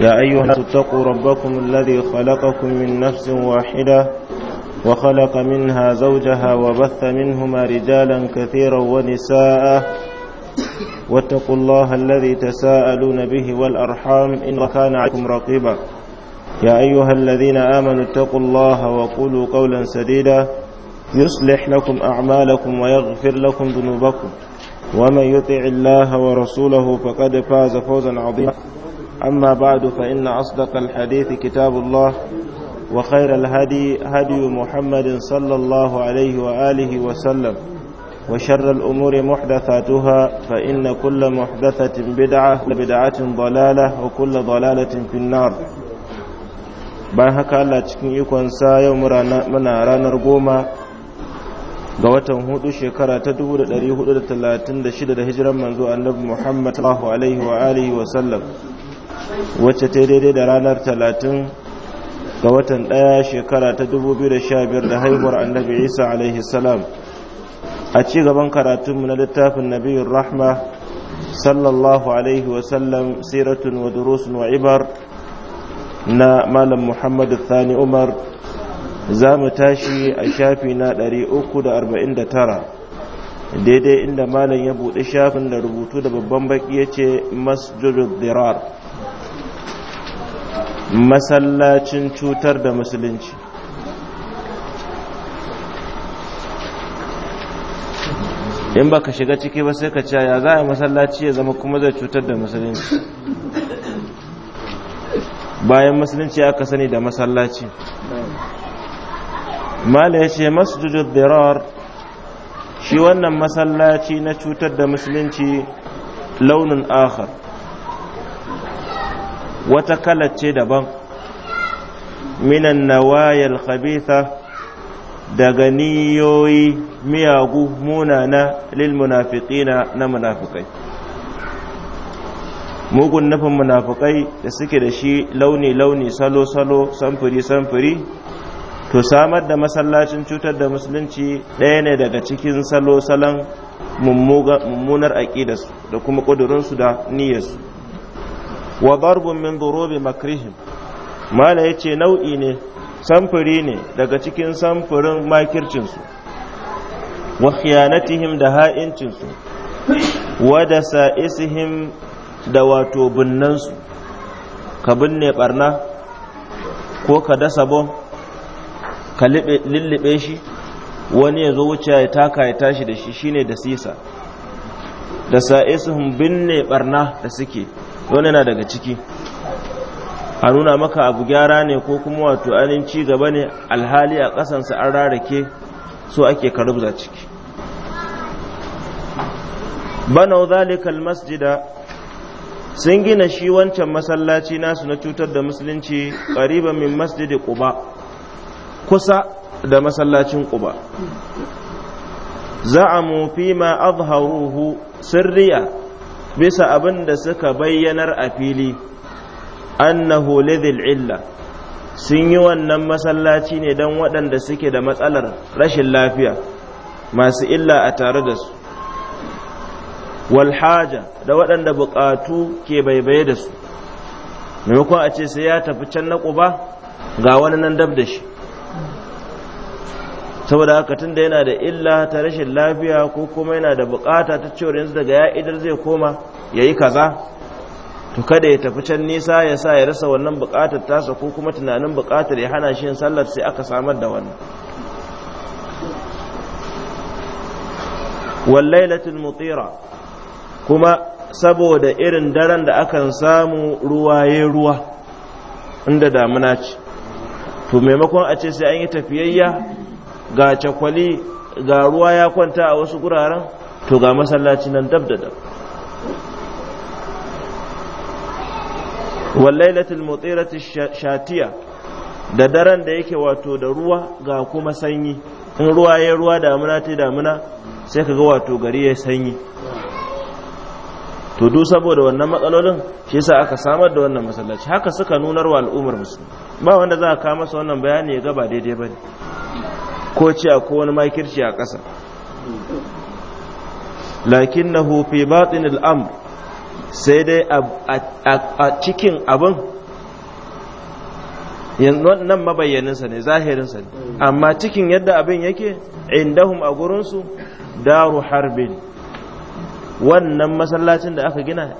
يا أيها اتقوا ربكم الذي خلقكم من نفس واحدة وخلق منها زوجها وبث منهما رجالا كثيرا ونساء واتقوا الله الذي تساءلون به والأرحام إن كان عليكم رقيبا يا أيها الذين آمنوا اتقوا الله وقولوا قولا سديدا يصلح لكم أعمالكم ويغفر لكم ذنوبكم ومن يطع الله ورسوله فقد فاز فوزا عظيما أما بعد فإن أصدق الحديث كتاب الله وخير الهدي هدي محمد صلى الله عليه وآله وسلم وشر الأمور محدثاتها فإن كل محدثة بدعة وبدعة ضلالة وكل ضلالة في النار bayan haka Allah cikin ikonsa yau muna ranar goma ga watan hudu shekara ta 1436 da hijiran manzo annabi Muhammad sallallahu alaihi wa alihi wa sallam wacce ta daidai da ranar talatin ga watan ɗaya shekara ta 2015 da haihuwar annabi isa alaihi salam a cigaban gaban karatunmu na littafin nabiyun rahma sallallahu alaihi wasallam siratun wa durusun wa ibar na malam muhammadu thani umar za mu tashi a shafi na 349 daidai inda malam ya buɗe shafin da rubutu da babban baki ya ce masjidul dirar masallacin cutar da musulunci in ba ka shiga ciki ba sai ka ce ya za a masallaci ya zama kuma zai cutar da musulunci bayan musulunci aka sani da masallaci mala ya ce masjidul dirar shi wannan masallaci na cutar da musulunci launin akhar wata kalace daban minan nawayal khabitha daga niyoyi miyagu munana lil munafiqina na munafikai mugun nufin munafikai da suke da shi launi-launi salo-salo samfuri-samfuri to samar da masallacin cutar da musulunci ɗaya ne daga cikin salo-salon mummunar aƙidarsu da kuma ƙudurinsu da niyyarsu wa darbun min durobi makrihim mala yace nau'i ne samfuri ne daga cikin samfurin makircinsu wa khiyanatihim da ha'incinsu wa da sa'isihim da wato su ka binne barna ko ka dasa bom ka lillibe shi wani ya zo wuce ya taka ya tashi da shi shine da sisa da sa'isihim binne barna da suke wani yana daga ciki a nuna maka abu gyara ne ko kuma wato ainihin ci gaba ne alhali a kasansa an rarake so ake karubza ciki banau zalikal masjida sun gina shi wancan masallaci nasu na cutar da musulunci ƙariban min masjidi ƙuba kusa da masallacin ƙuba za'amu fi ma azharuhu sirriya bisa abin da suka bayyanar a fili annahu lidhil illa sun yi wannan masallaci ne don waɗanda suke da matsalar rashin lafiya masu illa a tare da su walhaja da waɗanda buƙatu ke baibaye da su maimakon a ce sai ya tafi can na ƙuba ga wani nan dab da shi saboda haka tun da yana da illa ta rashin lafiya ko kuma yana da bukata ta cewa yanzu daga ya idar zai koma ya yi kaza to kada ya tafi can nisa ya sa ya rasa wannan bukatar tasa ko kuma tunanin bukatar ya hana shi yin sallar sai aka samar da wannan wallailatul mutira kuma saboda irin daren da akan samu ruwa ya ruwa inda damuna ce to maimakon a ce sai an yi tafiyayya ga cakwali ga ruwa ya kwanta a wasu guraren to ga masallaci nan dab da dab wallailatul mutirati shatiya da daren da yake wato da ruwa ga kuma sanyi in ruwa ya ruwa damuna ta damuna sai ka ga wato gari ya sanyi to duk saboda wannan matsalolin shi yasa aka samar da wannan masallaci haka suka nunar wa al'ummar musu ba wanda za a kawo masa wannan bayani ya gaba daidai bane ko ce ko wani makirci a ƙasa lakin na hufi batin al’am sai dai a cikin abin nan mabayyaninsa ne zahirinsa ne amma cikin yadda abin yake indahum a gurinsu daru harbin wannan masallacin da aka gina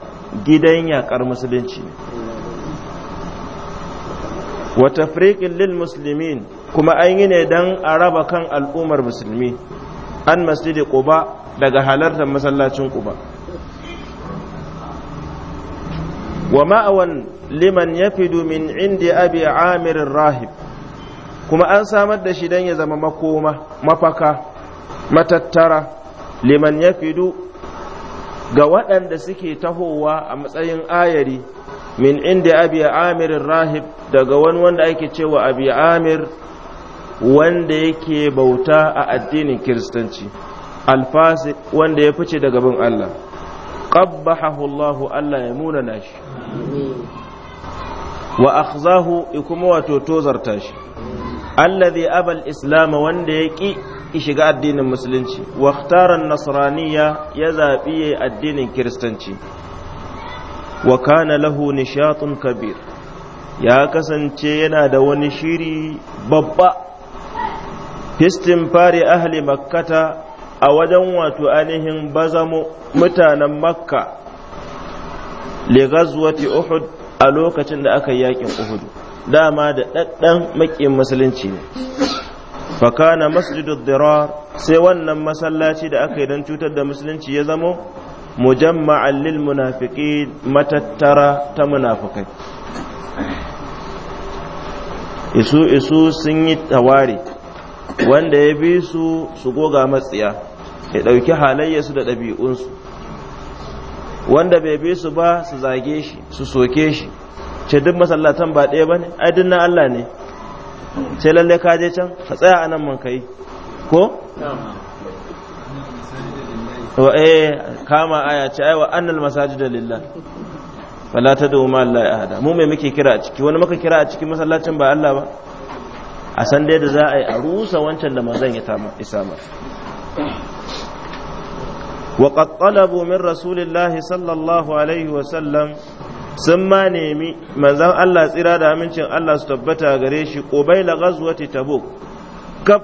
gidan yaƙar musulunci ne wata lil musulmin kuma an yi ne don a raba kan al'ummar musulmi an masjidi quba daga halartar masallacin quba wa ma'awan liman ya yafidu min indi abi amirin rahib kuma an samar da shi don ya zama makoma mafaka matattara liman ya yafidu ga waɗanda suke tahowa a matsayin ayari min inda abi amirin rahib daga wani wanda ake cewa abi amir wanda yake bauta a addinin kiristanci alfasi wanda ya fice daga bin Allah qabbahahu Allah Allah ya munana shi wa akhzahu kuma wato tozarta shi allazi abal islam wanda ya ki shiga addinin musulunci wa ikhtara nasraniya ya zabi addinin kiristanci wa kana lahu nishatun kabir ya kasance yana da wani shiri babba istinfari ahli makkata a wajen wato ainihin bazamo mutanen makka legas wati uhud a lokacin da aka yi yakin uhud dama da ɗaɗɗan maƙin musulunci ne fakana masjidu dirar sai wannan masallaci da aka yi don cutar da musulunci ya zamo mujamma'an lil munafiki matattara ta munafukai. isu isu sun yi tawari wanda ya bi su su goga matsiya ya ɗauki halayyarsu da ɗabi'unsu wanda bai bi su ba su zage shi su soke shi ce duk masallatan ba ɗaya ba ne ai duk na Allah ne ce lalle ka je can ka tsaya a nan man kai ko wa eh kama aya ce aiwa wa annal da lillah fala tadu ma Allah hada. mu me muke kira a ciki wani muka kira a cikin masallacin ba Allah ba a san dai da za a yi a rusa wancan da manzon ya samar wa qattalabu min rasulillahi sallallahu alaihi wa sallam sun ma nemi manzon Allah tsira da amincin Allah su tabbata gare shi qubaila ghazwati tabuk kaf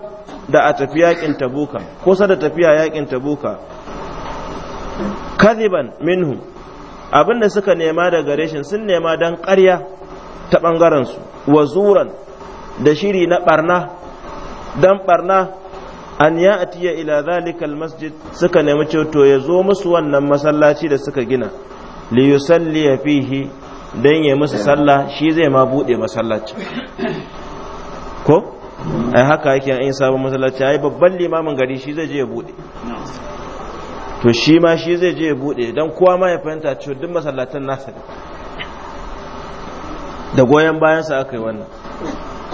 da a tafi yakin tabuka kusa da tafiya yakin tabuka kadiban minhu abinda suka nema da gare shi sun nema dan ƙarya ta ɓangarensu. su wa da shiri na barna dan barna an ya atiya ila zalikal masjid suka nemi ceto ya zo musu wannan masallaci da suka gina li yusalli fihi dan ya musu sallah shi zai ma bude masallaci ko ai haka yake an sabon masallaci ai babban limamin gari shi zai je ya bude to shi ma shi zai je ya bude dan kowa ma ya fahimta cewa duk masallatan nasa da goyon sa aka yi wannan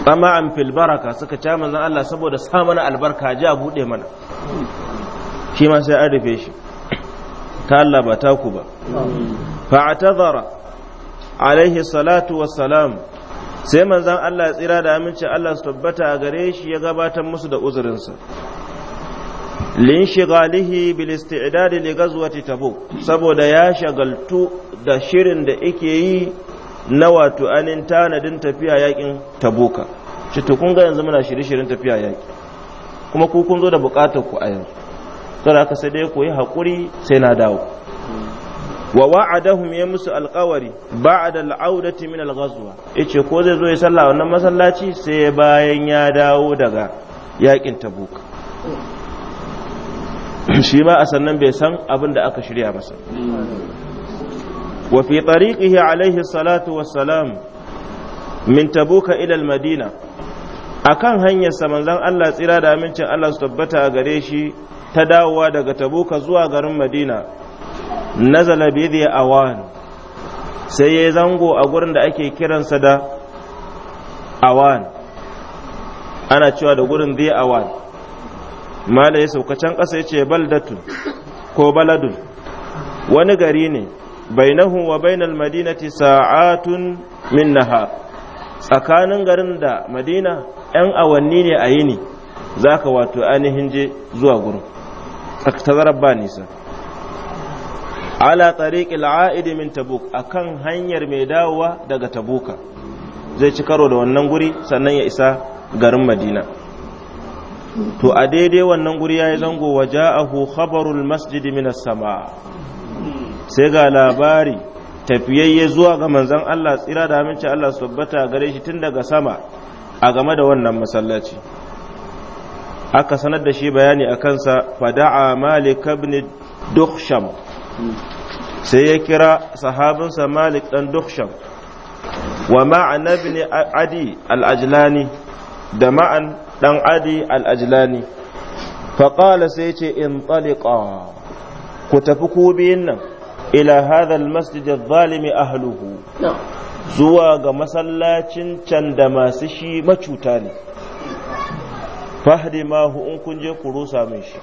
tsama'an baraka suka ca manzan Allah saboda sa mana albarka ji a buɗe mana shi ma sai an rufe shi ta Allah ba taku ba fa'atazara alaihi salatu wassalam sai manzan Allah tsira da aminci Allah su tabbata a gare shi ya gabatar musu da uzurinsa linshigalihi bil isti'dad li ghazwati tabuk saboda ya shagaltu da shirin da yake yi na wato anin tanadin tafiya yakin tabuka shi to kun ga yanzu muna shirye-shiryen tafiya yaki kuma ku kun zo da bukatar ku a yanzu Kada ka sai dai ku yi hakuri sai na dawo wa wa'adahum ya musu alƙawari ba'da al'audati min al-ghazwa yace ko zai zo ya salla wannan masallaci sai bayan ya dawo daga yakin tabuka shi ma a sannan bai san abin da aka shirya masa وفي طريقه عليه الصلاة والسلام من تبوك إلى المدينة akan hanyarsa manzon Allah tsira da amincin Allah su tabbata a gare shi ta dawowa daga tabuka zuwa garin Madina nazala bi awan sai ya zango a gurin da ake kiransa da awan ana cewa da gurin zai awan mala ya sauka ƙasa ya ce baldatu ko baladun wani gari ne bainahu wa bainar madinati sa'atun min nahar tsakanin garin da madina yan awanni ne a yini ka wato ainihin je zuwa gurin tazarar ba nisa ala tariqil a'idi min tabuk akan hanyar mai dawowa daga tabuka zai ci karo da wannan guri sannan ya isa garin madina to a daidai wannan guri ya yi zango a hu khabarul masjidi minas sama sai ga labari tafiyayye zuwa ga manzon Allah tsira da aminci Allah su tabbata gare shi tun daga sama a game da wannan masallaci aka sanar da shi bayani a kansa fada'a malik ibn duksham sai ya kira sahabinsa malik dan duksham wa ma'ana ibn adi al da ma'an dan adi al-ajlani faƙala sai ce in ku tafi ku yin nan ila hadha almasjid adh-dhalimi ahluhu zuwa ga masallacin can da masu shi macuta ne fahdimahu in kun je ku rusa min shi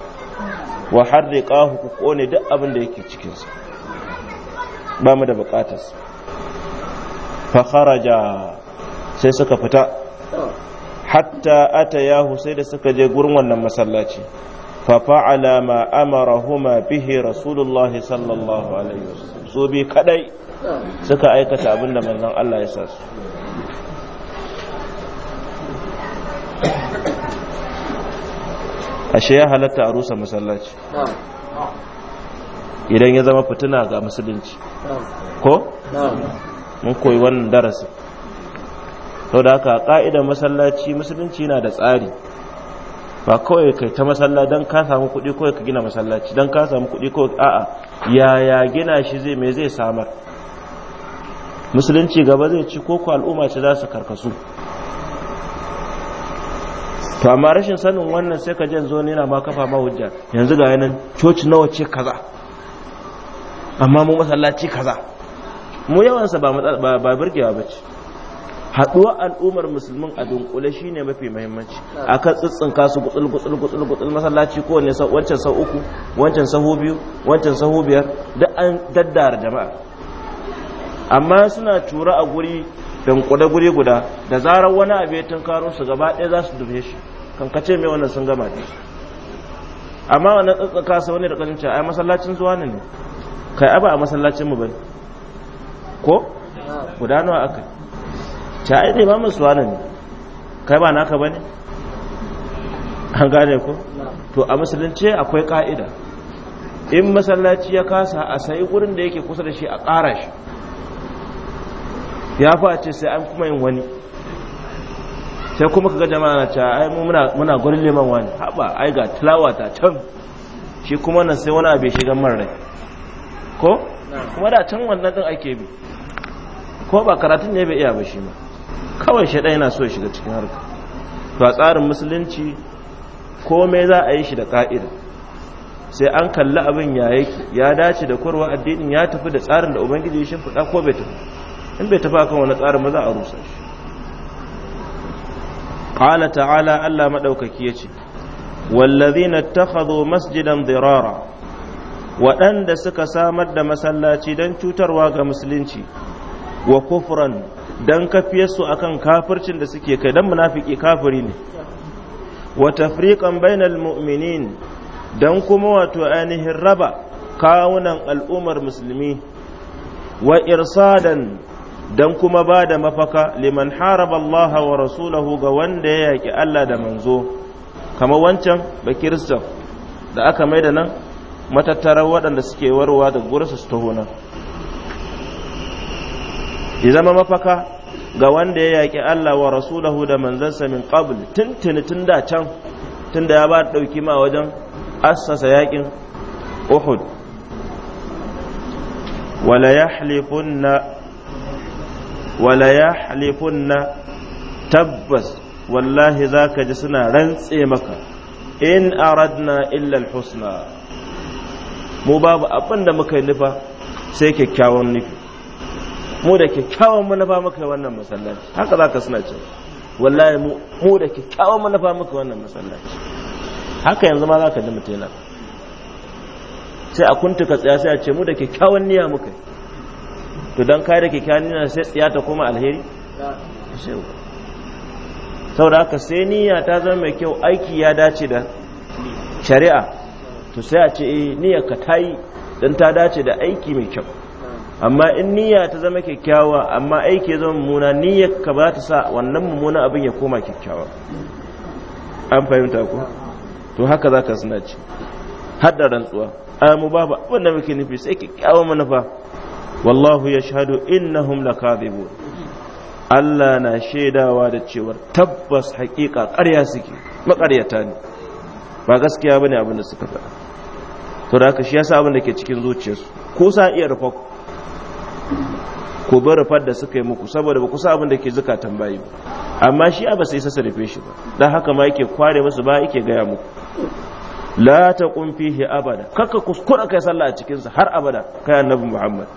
wa harriqahu ku kone duk abin da yake cikin sa ba mu da bukatar sa fa kharaja sai suka fita hatta atayahu sai da suka je gurin wannan masallaci Fafa alama أمرهما به رسول الله صلى الله عليه su bi kadai suka aikata abinda da manzon Allah ya sa su ashe ya halatta a masallaci idan ya zama fitina ga musulunci ko mun koyi wannan darasi sau da haka ka'idar masallaci musulunci na da tsari ba kawai kai ta masalla don ka samu kuɗi kawai ka gina masallaci don ka samu kuɗi kawai a'a yaya gina shi zai me zai samar musulunci gaba zai ci ko al'umma ce za su karkasu to amma rashin sanin wannan sai ka jan zo ne yana ma kafa ma hujja yanzu ga yanan coci nawa ce kaza amma mu masallaci kaza mu yawansa ba ba burgewa bace haɗuwa al'ummar musulmin a dunkule ne mafi muhimmanci a kan tsitsin kasu gutsul gutsul gutsul gutsul masallaci ko wanne wancan sau uku wancan sau biyu wancan sau biyar da an daddara jama'a amma suna tura a guri dunkule guri guda da zarar wani abu ya tunkaro su gaba ɗaya za su dube shi kankace mai wannan sun gama ne amma wannan tsitsinka su wani da cewa ai masallacin zuwa ne kai aba a masallacin mu bane ko guda nawa yi? ta yi ne ba mu suwana ne kai ba naka ba ne, an gane ko to a musulunci akwai ka'ida in masallaci ya kasa a sayi wurin da yake kusa da shi a ƙara shi ya face ce sai an kuma yin wani sai kuma kaga jama'a na ta ai muna muna liman wani haɓa ai ga tilawa ta can shi kuma nan sai wani abu ya shiga man rai ko kuma da can wannan ɗin ake bi ko ba karatun ne bai iya ba shi ma kawai shaɗa yana so shiga cikin harka to a tsarin musulunci komai za a yi shi da ƙa'ida sai an kalli abin ya yake ya dace da kwarwa addinin ya tafi da tsarin da ubangiji ya shimfiɗa ko bai tafi in bai tafi akan wani tsarin maza a rusa shi ƙala ta'ala Allah maɗaukaki ya ce wallazi na takhadhu masjidan zirara waɗanda suka samar da masallaci don cutarwa ga musulunci wa kufuran. dan su akan kafircin da suke kai dan munafiki kafiri ne wa tafriqan bainal mu'minin dan kuma wato ainihin raba kawunan al'ummar musulmi wa irsadan dan kuma ba da mafaka liman haraba Allah wa rasulahu ga wanda ya yaƙi Allah da manzo kamar wancan ba da aka mai da nan matattarar waɗanda suke warwa da gurasa su ta ya zama mafaka ga wanda ya yaƙi Allah wa rasulahu da manzansa min qabl tuntuni tun da can tun da ya ba ɗauki ma wajen assasa yaƙin Uhud wala ya wala na tabbas wallahi zaka ji suna rantse maka in aradna illa husna, mu babu abin da muka yi nufa sai kyakkyawan nufi mu da kyakkyawan manufa muka wannan masallaci haka za ka suna ce wallahi mu da kyakkyawan manufa muka wannan masallaci haka yanzu ma za ka ji mutuna sai a kunta ka tsaya sai a ce mu da kyakkyawan niyya muka to don kai da kyakkyawan niyya sai tsaya ta koma alheri saboda haka sai niyya ta zama mai kyau aiki ya dace da shari'a to sai a ce eh niyyar ka ta yi don ta dace da aiki mai kyau amma in niyya ta zama kyakkyawa amma aiki ya zama mummuna niyya ka ba ta sa wannan mummuna abin ya koma kyakkyawa an fahimta ku? to haka za ka suna ci har da rantsuwa mu ba abin da muke nufi sai kyakkyawa manufa wallahu ya shahadu innahum lakadibun Allah na shaidawa da cewar tabbas hakika ƙarya suke maƙaryata ne ba gaskiya bane abin da suka faɗa to da haka shi yasa abin da ke cikin zuciyarsu ko sa iya rufa ku bar rufar da suka yi muku saboda ba ku sa abin da ke zukatan bayi ba amma shi ba sai sassa rufe shi ba dan haka ma yake kware musu ba yake gaya muku la taqum fihi abada kakka kuskura kai sallah a cikinsa har abada kai annabi muhammad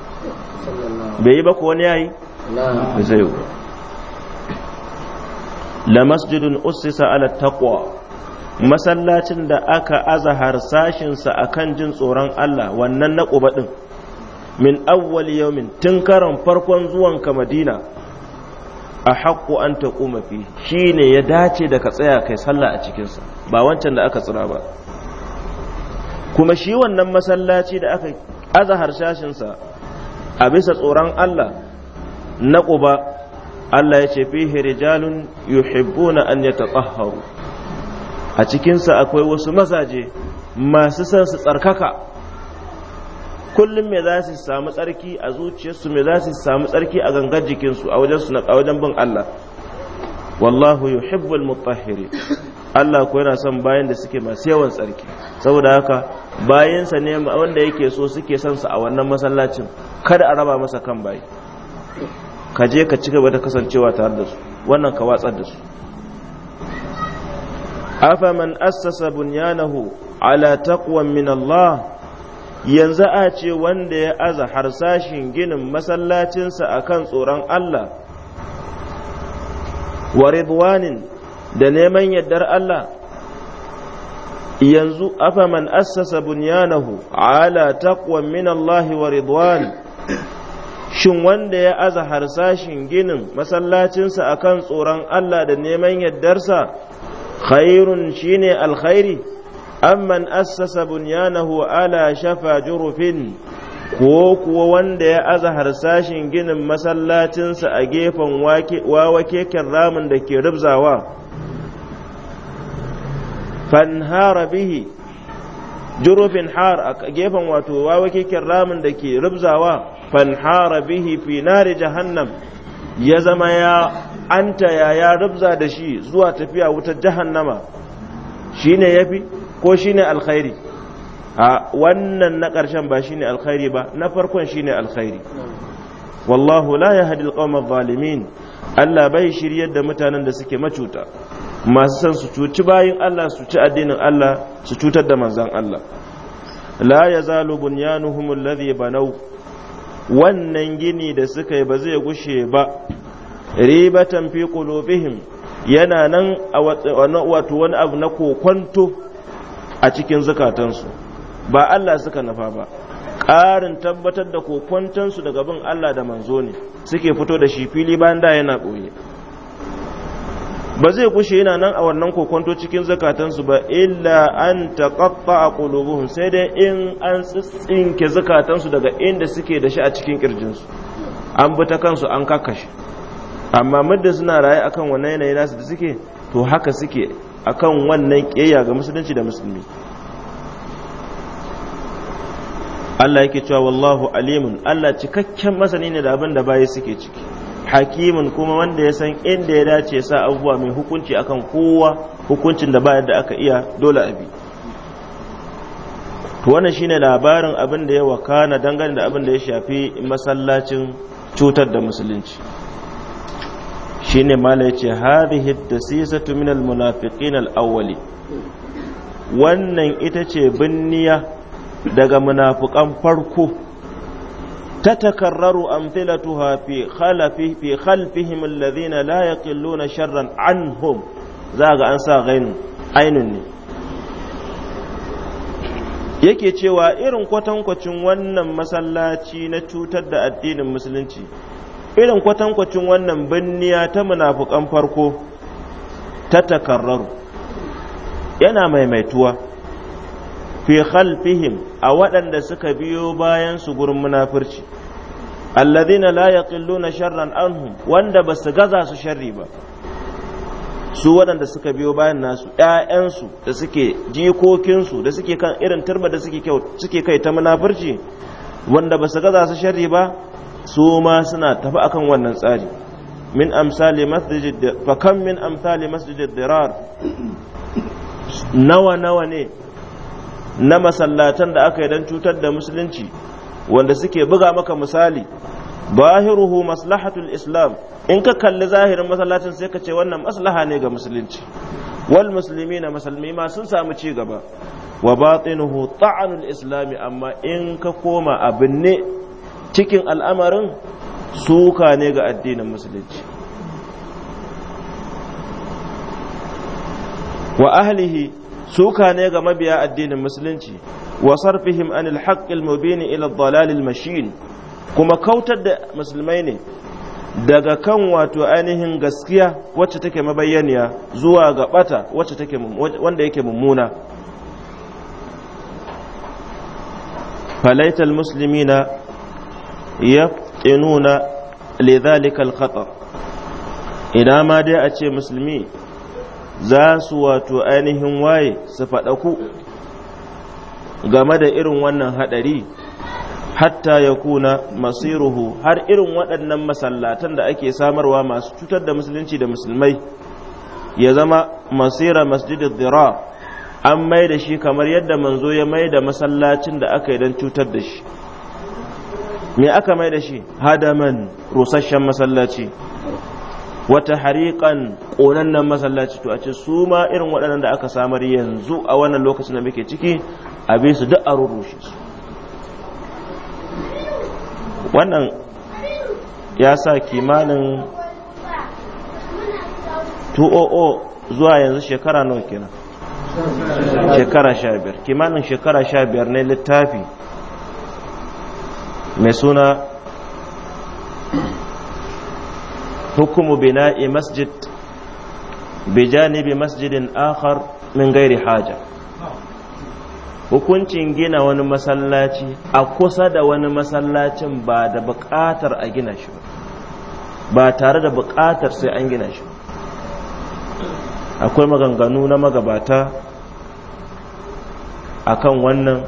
bai yi ba ko wani yayi la masjidun ussisa ala taqwa masallacin da aka azahar sashinsa a kan jin tsoron Allah wannan na ƙuba ɗin min awwal yawmin tun karan farkon zuwan ka madina a haƙƙo an ta ƙuma fi shi ne ya dace da ka tsaya kai sallah a cikinsa ba wancan da aka tsira ba kuma shi wannan masallaci da aka aza harshashinsa a bisa tsoron Allah na ƙuba Allah ya ce fi rijalun yuhibbuna an taɓaharu a cikinsa akwai wasu mazaje masu son su tsarkaka kullum me za su samu tsarki a zuciyarsu me za su samu tsarki a gangar jikinsu a wajen suna a bin Allah wallahu yuhibbul mutahhirin Allah ko yana son bayan da suke masu yawan tsarki saboda haka bayansa ne wanda yake so suke son sa a wannan masallacin kada a raba masa kan bayi ka je ka ci gaba da kasancewa tare da su wannan ka watsar da su afaman assasa bunyanahu ala taqwa min Allah yanzu a ce wanda ya aza harsashin ginin masallacinsa akan tsoron Allah wa ridwanin da neman yardar Allah yanzu afaman assasa bunyanahu ala taqwa min Allah wa ridwan shin wanda ya aza harsashin ginin masallacinsa akan tsoron Allah da neman yardarsa khairun shine alkhairi amman assasa bunyanahu ala shafa jurufin ko kuwa wanda ya aza harsashin ginin masallacinsa a gefen ramin da ke rubzawa fanhara bihi jurufin har a gefen wato wawa ramin da ke rubzawa fanhara bihi fi nari jahannam ya zama ya anta ya ya rubza da shi zuwa tafiya wutar jahannama shine yafi ko shine alkhairi a wannan na ƙarshen ba shine alkhairi ba na farkon shine alkhairi wallahu la yahdi alqawma adh-dhalimin Allah bai shiryar da mutanen da suke macuta masu san su cuci bayin Allah su ci addinin Allah su cutar da manzan Allah la yazalu bunyanuhum alladhi banaw wannan gini da suka yi ba zai gushe ba ribatan fi qulubihim yana nan wato wani abu na kokwanto a cikin zukatansu ba Allah suka nafa ba ƙarin tabbatar da kokwantansu daga bin Allah da manzo ne suke fito da shi fili bayan da yana ɓoye ba zai kushe yana nan a wannan kokwanto cikin zakatansu ba illa an a ƙulubuhun sai dai in an tsinke zakatansu daga inda suke da shi a cikin ƙirjinsu an bi ta kansu an kakashe amma muddin suna raye akan wannan yanayi nasu da suke to haka suke akan wannan kiyayya ga musulunci da musulmi Allah yake cewa wallahu alimun Allah cikakken masani ne da abin da bayi suke ciki Hakimun kuma wanda ya san inda ya dace sa abubuwa mai hukunci akan kowa hukuncin da ba da aka iya dole a bi to wannan shine labarin abin da ya wakana dangane da abin da ya shafi masallacin cutar da musulunci shine mala yace hadhihi at-tasisatu min al-munafiqin al wannan ita ce binniya daga munafukan farko ta takarraru amthilatuha fi khalafi fi khalfihim alladhina la yaqilluna sharran anhum za ga an sa gani ainun ne yake cewa irin kwatankwacin wannan masallaci na cutar da addinin musulunci irin kwatankwacin wannan binniya ta munafukan farko ta takarraru yana maimaituwa fi khalfihim a waɗanda suka biyo bayan su gurin munafurci na la yaqilluna sharran anhum wanda ba su gaza su sharri ba su waɗanda suka biyo bayan nasu ƴaƴansu da suke jikokinsu da suke kan irin turba da suke kai ta munafurci wanda ba su gaza su sharri ba su ma suna tafi akan wannan tsari min amsali masjid min amsali masjid dirar nawa nawa ne na masallatan da aka yi don cutar da musulunci wanda suke buga maka misali bahiruhu maslahatul islam in ka kalli zahirin masallacin sai ka ce wannan maslaha ne ga musulunci wal musulmi na musulmi ma sun samu ci gaba wa batinuhu ta'anul islami amma in ka koma abin ne cikin al'amarin suka ne ga addinin musulunci wa ahlihi suka ne ga mabiya addinin musulunci wa sarfihim anil haqqil mubin ila dalalil mashin kuma kautar da musulmai ne daga kan wato ainihin gaskiya wacce take mabayyaniya zuwa ga bata wacce take wanda yake mummuna falaital muslimina yaftinuna lidhalika al-khatar idan ma dai a ce musulmi za su wato ainihin waye su faɗaku game da irin wannan haɗari hatta ya kuna masiruhu har irin waɗannan masallatan da ake samarwa masu cutar da musulunci da musulmai ya zama masira masjidin dira an mai da shi kamar yadda manzo ya mai da masallacin da aka yi don cutar da shi me aka mai da shi hadaman rusasshen masallaci wata hariƙan ƙonannen masallaci to a ce su ma irin waɗannan da aka samar yanzu a wannan lokacin da muke ciki a bi su duk a rurrushe su wannan ya sa kimanin 200 zuwa yanzu shekara nawa kenan shekara sha biyar kimanin shekara sha biyar ne littafi mai suna hukumu bina'i masjid bijanibi masjidin akhar min gairi haja hukuncin gina wani masallaci a kusa da wani masallacin ba da buƙatar a gina shi ba tare da buƙatar sai an gina shi akwai maganganu na magabata akan wannan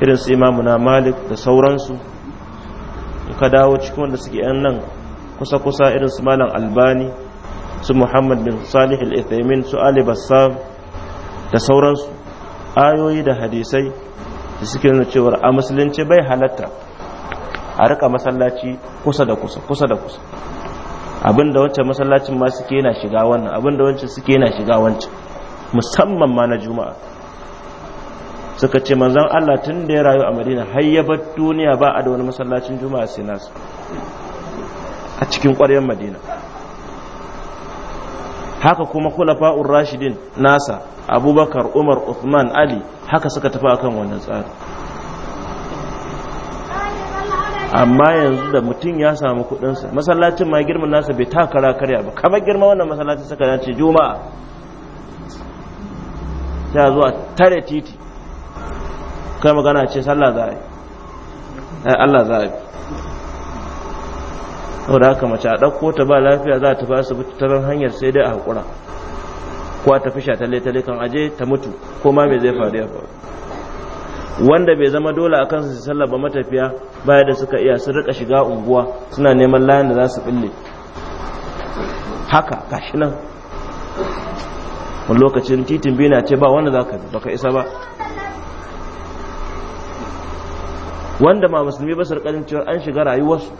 irin su imamuna malik da sauransu ka dawo cikin wanda suke yan nan kusa-kusa irin su malam albani su muhammad bin salih al-ithaimin su ali bassam da sauransu ayoyi da hadisai da suke nuna cewar a musulunci bai halatta a rika masallaci kusa da kusa kusa da kusa abin da wancan masallacin ma suke yana shiga wannan abin da wancan suke yana shiga wancan musamman ma na juma'a suka ce manzan Allah tun da ya rayu a Madina har duniya ba a da wani masallacin juma'a sai nasu a cikin ƙwaryar Madina haka kuma fa'ur rashidin nasa Abubakar Umar Uthman Ali haka suka tafi akan wannan tsari amma yanzu da mutum ya samu kuɗinsa masallacin ma girman nasa bai takara karya ba kamar girman wannan masallacin suka dace juma'a ta zuwa tare titi kai magana ce sallah za a yi eh, Allah za a yi saboda haka mace a ɗauko ta ba lafiya za ta ba mutu ta hanyar sai dai a haƙura ko a tafi shatalle-talle kan aje ta mutu ko ma me zai faru ya faru wanda bai zama dole akan su su ba matafiya baya da suka iya sun rika shiga unguwa suna neman layan da za su bille haka gashi nan wani lokacin titin biyu na ce ba wanda za ka baka isa ba wanda ma musulmi ba su cewa an shiga rayuwarsu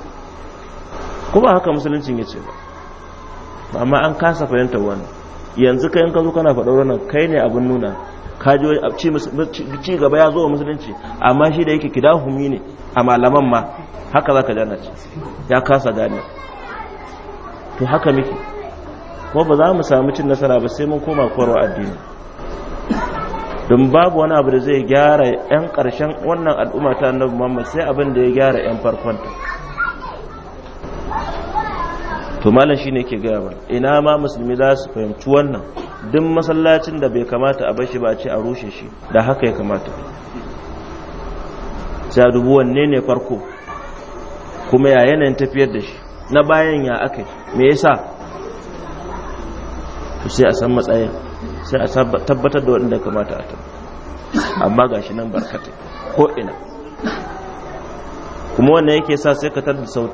kuma haka musuluncin ya ce ba amma an kasa fahimtar wani yanzu kai in ka zo kana faɗa wannan kai ne abin nuna ka ji ci gaba ya zo wa musulunci amma shi da yake kidahumi ne a malaman ma haka za ka gana ce ya kasa gane to haka muke kuma ba za mu samu cin nasara ba sai mun koma korwa addini don babu wani abu da zai gyara 'yan karshen wannan al'umma ta annabi muhammad sai abin da ya gyara 'yan farkon ta to malam shine ke gaya ba ina ma musulmi za su fahimci wannan duk masallacin da bai kamata a bashi ba ce a rushe shi da haka ya kamata sai dubu wanne ne farko kuma ya yanayin tafiyar da shi na bayan ya aka me yasa sai a san matsayin sai a tabbatar da waɗanda kamata a tabbatar amma shi nan barkatai ko ina kuma wannan yake sa sai ka tarda sau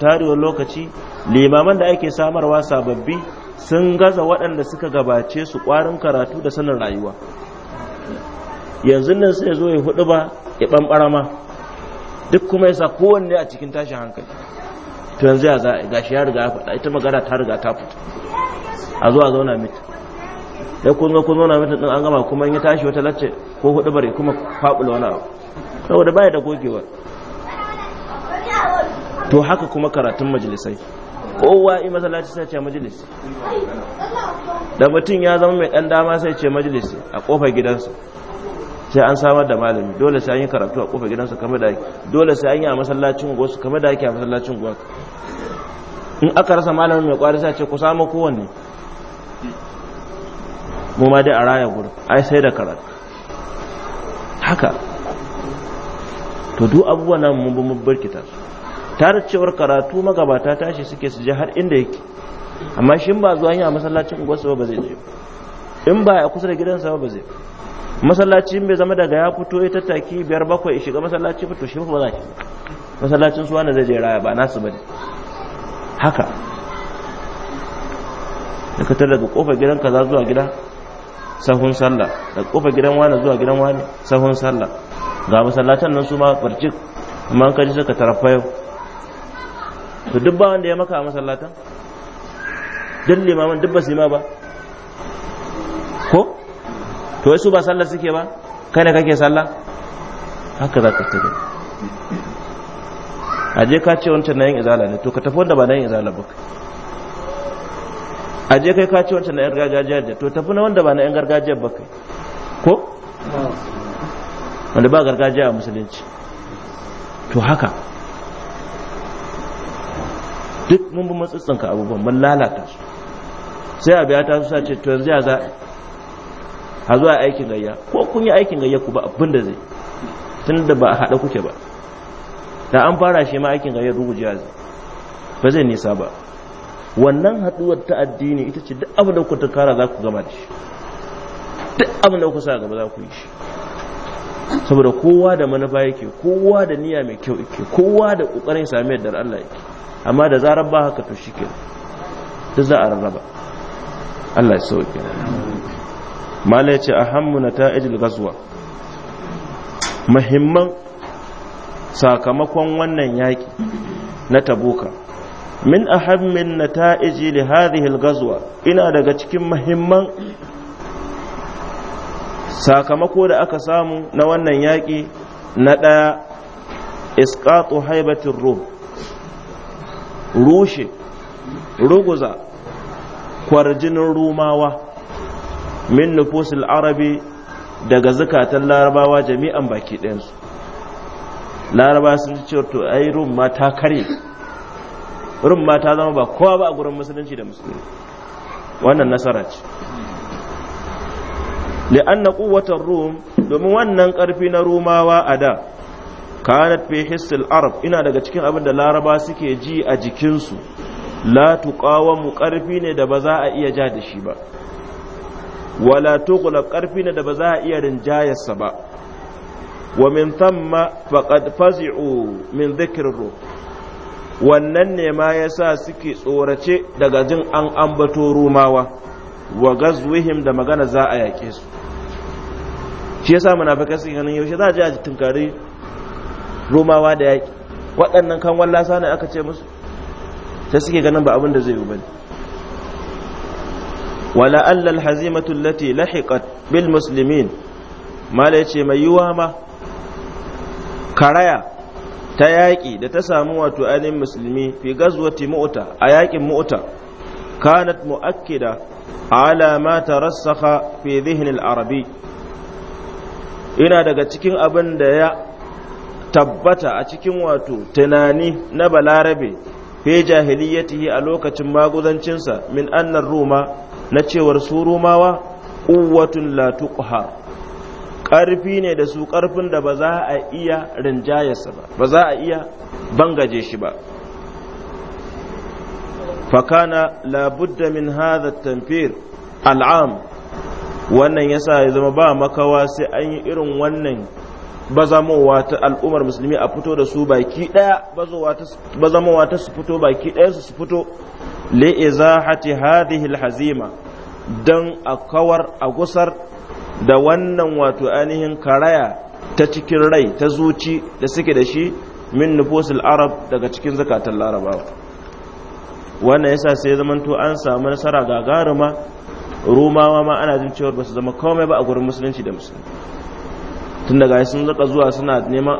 lokaci limaman da ake samarwa sababbi sun gaza waɗanda suka gabace su ƙwarin karatu da sanin rayuwa yanzu nan sai zo ya hudu ba ya ɓanɓara ma duk kuma ya sa kowanne a cikin tashin hankali to yanzu ya za a gashi ya riga ya faɗa ita magana ta riga ta fita a zuwa zauna mita da kun ga kun zauna mutum din an gama kuma in ya tashi wata lacce ko hudu bare kuma faɓula wala saboda baya da gogewa to haka kuma karatun majalisai kowa in masallaci sai ce majalis da mutum ya zama mai dan dama sai ce majalis a kofar gidansa sai an samar da malami dole sai an yi karatu a kofar gidansa kamar da dole sai an yi a masallacin gosu kamar da ake a masallacin gwaka in aka rasa malamin mai kwari sai ce ku samu kowanne mu ma dai a raya gurin ai sai da karatu haka to duk abubuwan nan mun bi mun birkita su tare cewar karatu magabata tashi suke su je har inda yake amma shin ba zuwa yi a masallacin unguwarsa ba zai je in ba a kusa da gidansa ba zai masallaci bai zama daga ya fito ya tattaki biyar bakwai shiga masallaci fito shi ba za shi masallacin su wanda zai je raya ba nasu ne, haka da ka daga kofar gidanka za zuwa gida sahun sallah da kofa gidan wani zuwa gidan wani sahun sallah ga masallatan nan su ma farci amma an kaji suka tarafa yau to duk ba wanda ya maka a masallatan duk limaman duk ba su ma ba ko to wai su ba sallah suke ba kai ne kake sallah haka za ka tafi a je ka ce wancan na yin izala ne to ka tafi wanda ba na yin izala ba a je kai ka ci wancan na yan gargajiya da to tafi na wanda ba na yan gargajiyar ba kai ko wanda ba gargajiya a musulunci to haka duk mun bi ka abubuwan mun lalata su sai a biya ta su sace to yanzu ya za a zuwa aikin gayya ko kun yi aikin gayya ku ba abin da zai tun da ba a haɗa kuke ba da an fara shi ma aikin gayya rugujiya zai ba zai nisa ba wannan haduwar ta addini ita ce duk abin da ku ta kara za ku gama da shi duk abin da ku sa gaba za ku yi shi saboda kowa da manufa yake kowa da niyya mai kyau yake kowa da kokarin sami yadda Allah yake amma da zarar ba haka to shike duk za a rarraba Allah ya sauke mala yace ahammu ajil gaswa. muhimman sakamakon wannan yaki na tabuka min ahammin nata'iji li hadhihi al-ghazwa ina daga cikin muhimman sakamako da aka samu na wannan yaƙi na ɗaya isqatu haibatin rum rushe ruguza kwarjinin rumawa min nufusul arabi daga zukatan larabawa jami'an baki ɗayansu larabawa sun ce to ai rum ma ta rum ma ta zama ba kowa ba a gurin musulunci da musulmi wannan nasara ce li'anna quwwatar rum domin wannan karfi na rumawa a da kanar fi hissil arab ina daga cikin abin da laraba suke ji a jikinsu la mu karfi ne da ba za a iya ja da shi ba wala tughlab karfi ne da ba za a iya rinjayarsa ba wa min tamma faqad fazi'u min dhikrir rum wannan ne ma ya sa suke tsorace daga jin an ambato rumawa wa gazwihim da magana za a yaƙe su shi ya sa munafikai suke ganin yaushe za a je a tunkari rumawa da yaƙi waɗannan kan wallasa ne aka ce musu sai suke ganin ba abin da zai yi bane wala allal hazimatu allati lahiqat bil muslimin mala yace mai yuwa ma karaya ta yaƙi da ta samu wato ainihin musulmi fi gazwati mu'ta a yaƙin mu'ta kanat mu'akkida ala ma tarassakha fi dhihnil arabi ina daga cikin abin da ya tabbata a cikin wato tunani na balarabe fi jahiliyyatihi a lokacin maguzancinsa min annar ruma na cewar su rumawa quwwatun la tuqhar ƙarfi ne da su ƙarfin da ba za a iya rinjayarsa ba ba za a iya bangaje shi ba fakana labudda min hadha tamfir al'am wannan yasa ya zama ba makawa sai an yi irin wannan bazamowa ta al'ummar musulmi a fito da su baki daya bazamowa ta su fito baki daya su su fito li'izahati hadhihi al-hazima dan a kawar a da wannan wato ainihin karaya ta cikin rai ta zuci da suke da shi min nufosul arab daga cikin zakatar larabawa wannan yasa sai zaman to an samu nasara gagaruma rumawa ma ana jin cewa ba su zama komai ba a gurin musulunci da musulunci. tun daga sun zaka zuwa suna neman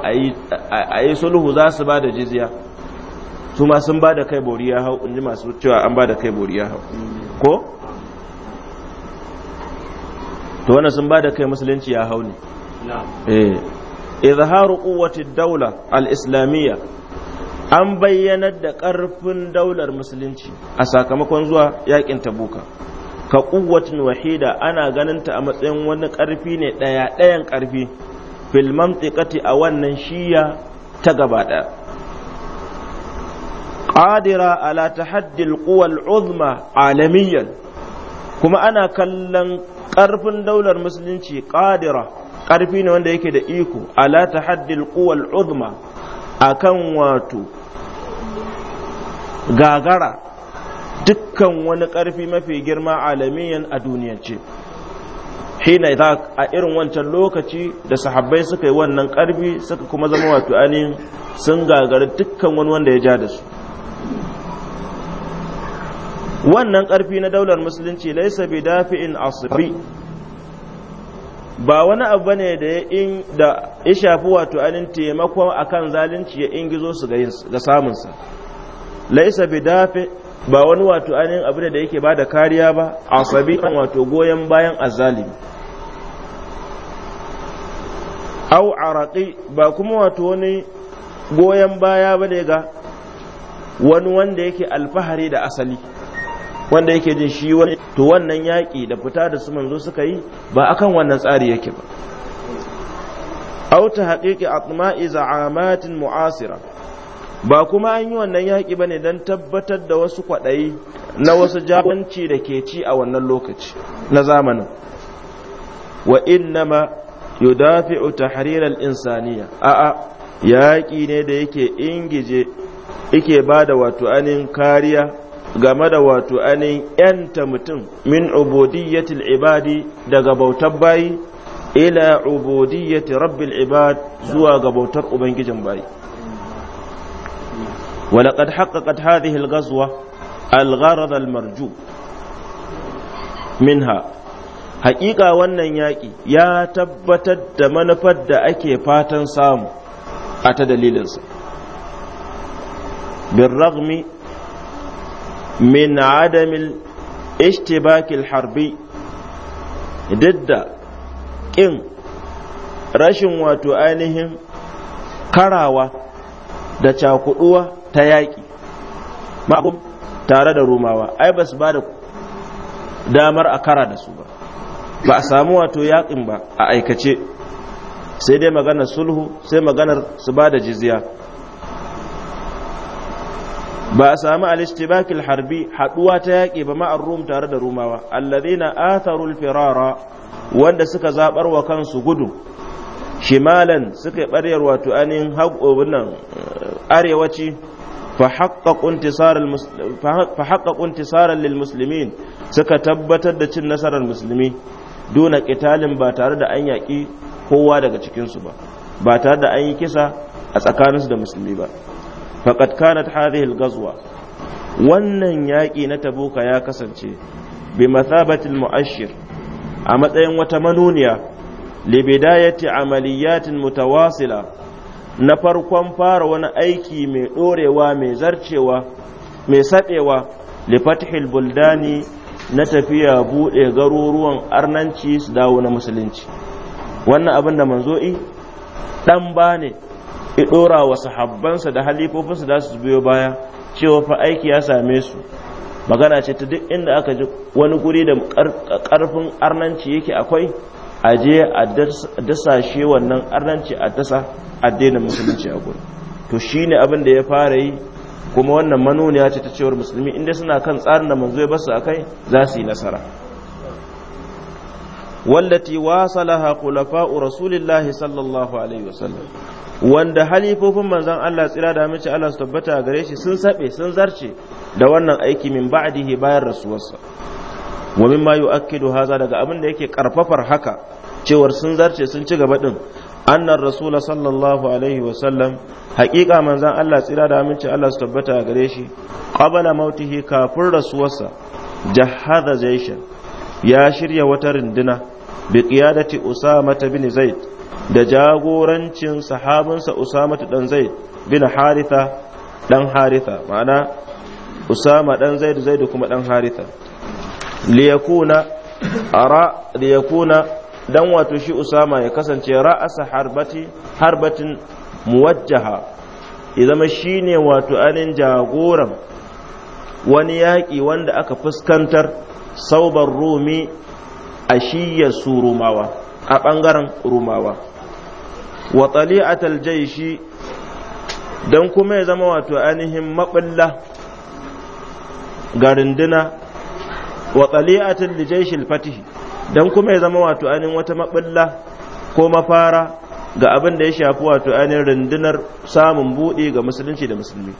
a yi sulhu za su ba da jizya su ma sun ba da kai boriya hau in ji masu cewa an ba da kai boriya hau ko to wannan sun bada kai musulunci ya hau ne eh izharu quwwati daula al-islamiyya an bayyanar da ƙarfin daular musulunci a sakamakon zuwa yakin tabuka ka kuwatin wahida ana ganinta a matsayin wani ƙarfi ne ɗaya ɗayan ƙarfi filman tsikati a wannan shiya ta gaba ɗaya ƙadira ala ta ƙuwal uzma kuma ana kallon ƙarfin daular musulunci ƙadira ƙarfi ne wanda yake da iko ala ta haddil ƙuwal uzma a kan wato gagara dukkan wani ƙarfi mafi girma alamiyan a duniyance hina za a irin wancan lokaci da sahabbai suka yi wannan ƙarfi suka kuma zama wato ainihin sun gagara dukkan wani wanda ya ja da su wannan ƙarfi na daular musulunci laisa bi dafi'in asri ba wani abu ne da ya da ya shafi wato anin taimakon akan zalunci ya ingizo su ga ga samun sa laisa bi dafi ba wani wato anin abu ne da yake bada kariya ba asabi wato goyen bayan azalimi au araqi ba kuma wato wani goyen baya ba ne ga wani wanda yake alfahari da asali wanda yake jin shi wani to wannan yaƙi da fita da su manzo suka yi ba akan wannan tsari yake ba auta haƙiƙi a matin mu'asira ba kuma an yi wannan yaƙi ba ne don tabbatar da wasu kwaɗayi na wasu jabanci da ke ci a wannan lokaci na zamanin wa innama yudafi'u tahrir harirar insaniya a'a yaƙi ne da yake ingije yake bada da wato anin kariya game da wato ainihin ‘yanta mutum min ubudiyyatil ibadi daga bautar bayi ila ubudiyyati rabbil ibad zuwa ga bautar ubangijin bayi ولقد حققت هذه الغزوة الغرض المرجو منها حقيقة wannan yaƙi ya tabbatar da manufar da ake fatan samu a ta dalilinsa بالرغم min adamil الاشتباك harbi ضد da ƙin rashin wato ainihin karawa da cakuduwa ta yaƙi tare da rumawa ai ba su ba da damar a kara da su ba ba a samu wato yaƙin ba a aikace sai dai maganar sulhu sai maganar su ba da jizya ba a samu alistibakil harbi haduwa ta yaƙi ba ma'ar rum tare da rumawa na atharul firara wanda suka zabar wa kansu gudu shimalan suka baryar wato anin nan eh, arewaci fa haqqaqu intisaran lil musulmi suka tabbatar da cin nasarar musulmi duna ƙitalin ba tare da an yaƙi kowa daga cikinsu ba ba tare da an yi kisa a tsakaninsu da musulmi ba faqad kanat hadhihi al-ghazwa wannan yaƙi na tabuka ya kasance bi mathabati al a matsayin wata manuniya li bidayati amaliyatin mutawasila na farkon fara wani aiki mai dorewa mai zarcewa mai sadewa li fathil buldani na tafiya buɗe garuruwan arnanci su dawo na musulunci wannan abin da manzo'i ɗan bane. ya ɗora wa sahabbansa da halifofinsa da su biyo baya cewa fa aiki ya same su magana ce ta duk inda aka ji wani guri da ƙarfin arnanci yake akwai a je a shi wannan arnanci a dasa addinin musulunci a guri to ne abin da ya fara yi kuma wannan manuniya ce ta cewar musulmi inda suna kan tsarin da manzo ya basu kai, za su yi nasara wallati wasalaha khulafa'u rasulillahi sallallahu alaihi wasallam wanda halifofin manzon Allah tsira da mace Allah su tabbata gare shi sun sabe sun zarce da wannan aiki min ba'dihi bayan rasuwarsa wa ma yu'akkidu haza daga abin da yake karfafar haka cewar sun zarce sun ci gaba din annar rasul sallallahu alaihi wa sallam haƙiƙa manzon Allah tsira da aminci Allah su tabbata gare shi qabala mautihi kafin rasuwarsa jahada zaishan ya shirya wata rinduna bi qiyadati usama bin zaid da jagorancin sahabansa usama dan zaid bin haritha dan haritha ma'ana usama dan zaid zaid kuma dan haritha liyakuna ara liyakuna dan wato shi usama ya kasance ra'asa harbati harbatin muwajjaha ya zama shine wato anin jagoran wani yaƙi wanda aka fuskantar sauban rumi a shiyar surumawa a ɓangaren rumawa wa tali'atal jaishi don kuma ya zama wato ainihin maɓulla ga rinduna wa tali'atal lijaishil fatihi don kuma ya zama wato ainihin wata maɓulla ko mafara ga abin da ya shafi wato ainihin rundunar samun buɗe ga musulunci da musulmi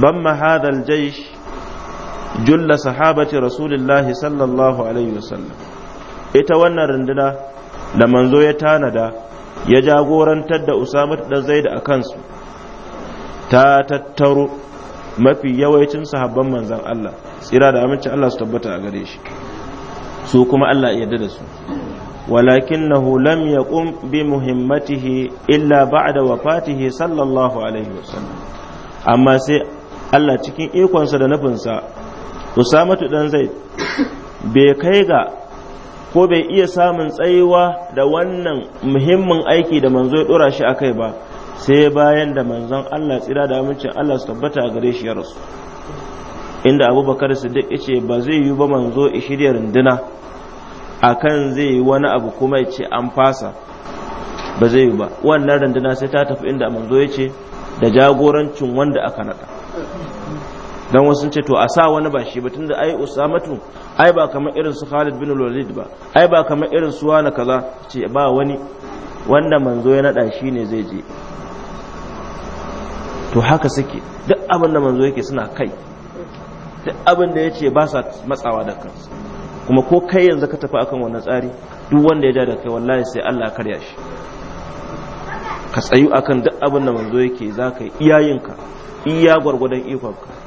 ban mahadal jaish julla sahabati rasulullahi sallallahu alaihi wasallam ita wannan runduna da manzo ya tanada ya jagorantar da usamu da zaid a kansu ta tattaro mafi yawancin sahabban manzan Allah tsira da amince Allah su tabbata a gare shi su kuma Allah ya yarda da su walakinahu lam yaqum bi muhimmatihi illa ba'da wafatihi sallallahu alaihi wasallam amma sai Allah cikin ikonsa da nufinsa Usamatu dan Zaid bai kai ga ko bai iya samun tsayuwa da wannan muhimmin aiki da manzo ya dora shi kai ba sai bayan da manzon Allah tsira da amincin Allah su tabbata a gare shi ya rasu inda abubakar siddiq ya ce ba zai yi ba manzo ya shirya runduna akan zai yi wani abu kuma ya an fasa ba zai yi ba wannan runduna sai ta tafi inda manzo ya ce da jagorancin wanda aka naɗa dan wasu ce to a sa wani ba shi ba tunda ai usamatu ai ba kamar irin su Khalid bin Walid ba ai ba kamar irin su wani kaza ce ba wani wanda manzo ya nada shi ne zai je to haka suke duk abin da manzo yake suna kai duk abin da yace ba sa matsawa da kansu kuma ko kai yanzu ka tafi akan wannan tsari duk wanda ya ja da kai wallahi sai Allah karya shi ka tsayu akan duk abin da manzo yake za ka iyayinka iya gwargwadon ikonka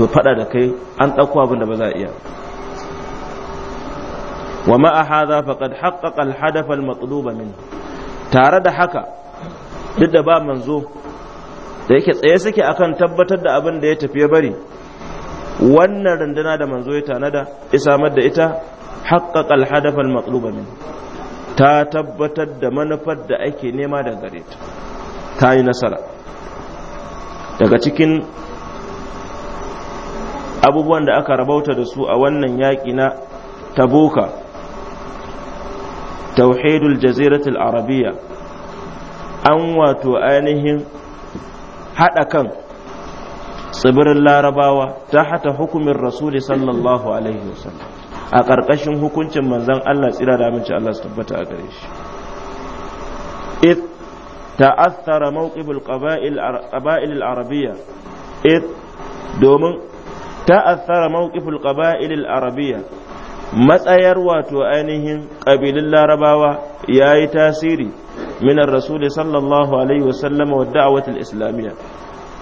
to fada da kai an ɗauko abin da ba za a iya wa ma'a hadha faqad haqqaqa al-hadaf al-matluba min tare da haka duk da ba manzo da yake tsaye suke akan tabbatar da abin da ya tafi ya bari wannan runduna da manzo ya tanada isa samar da ita haqqaqa al-hadaf al-matluba min ta tabbatar da manufar da ake nema daga gare ta ta yi nasara daga cikin abubuwan da aka rabauta da su a wannan yaƙi na tabuka tauhidul jaziratul arabiya an wato ainihin haɗa kan tsibirin larabawa ta hata hukumin rasuli sallallahu alaihi wasallam a ƙarƙashin hukuncin manzan Allah tsira da aminci Allah su tabbata a gare shi إذ تأثر موقف القبائل العربية إذ domin ta'athara mawqiful qaba'il al-arabiyya matsayar wato ainihin ƙabilun larabawa ya yi tasiri minan rasuli sallallahu alaihi wa wasallama wa da'awatul islamiyya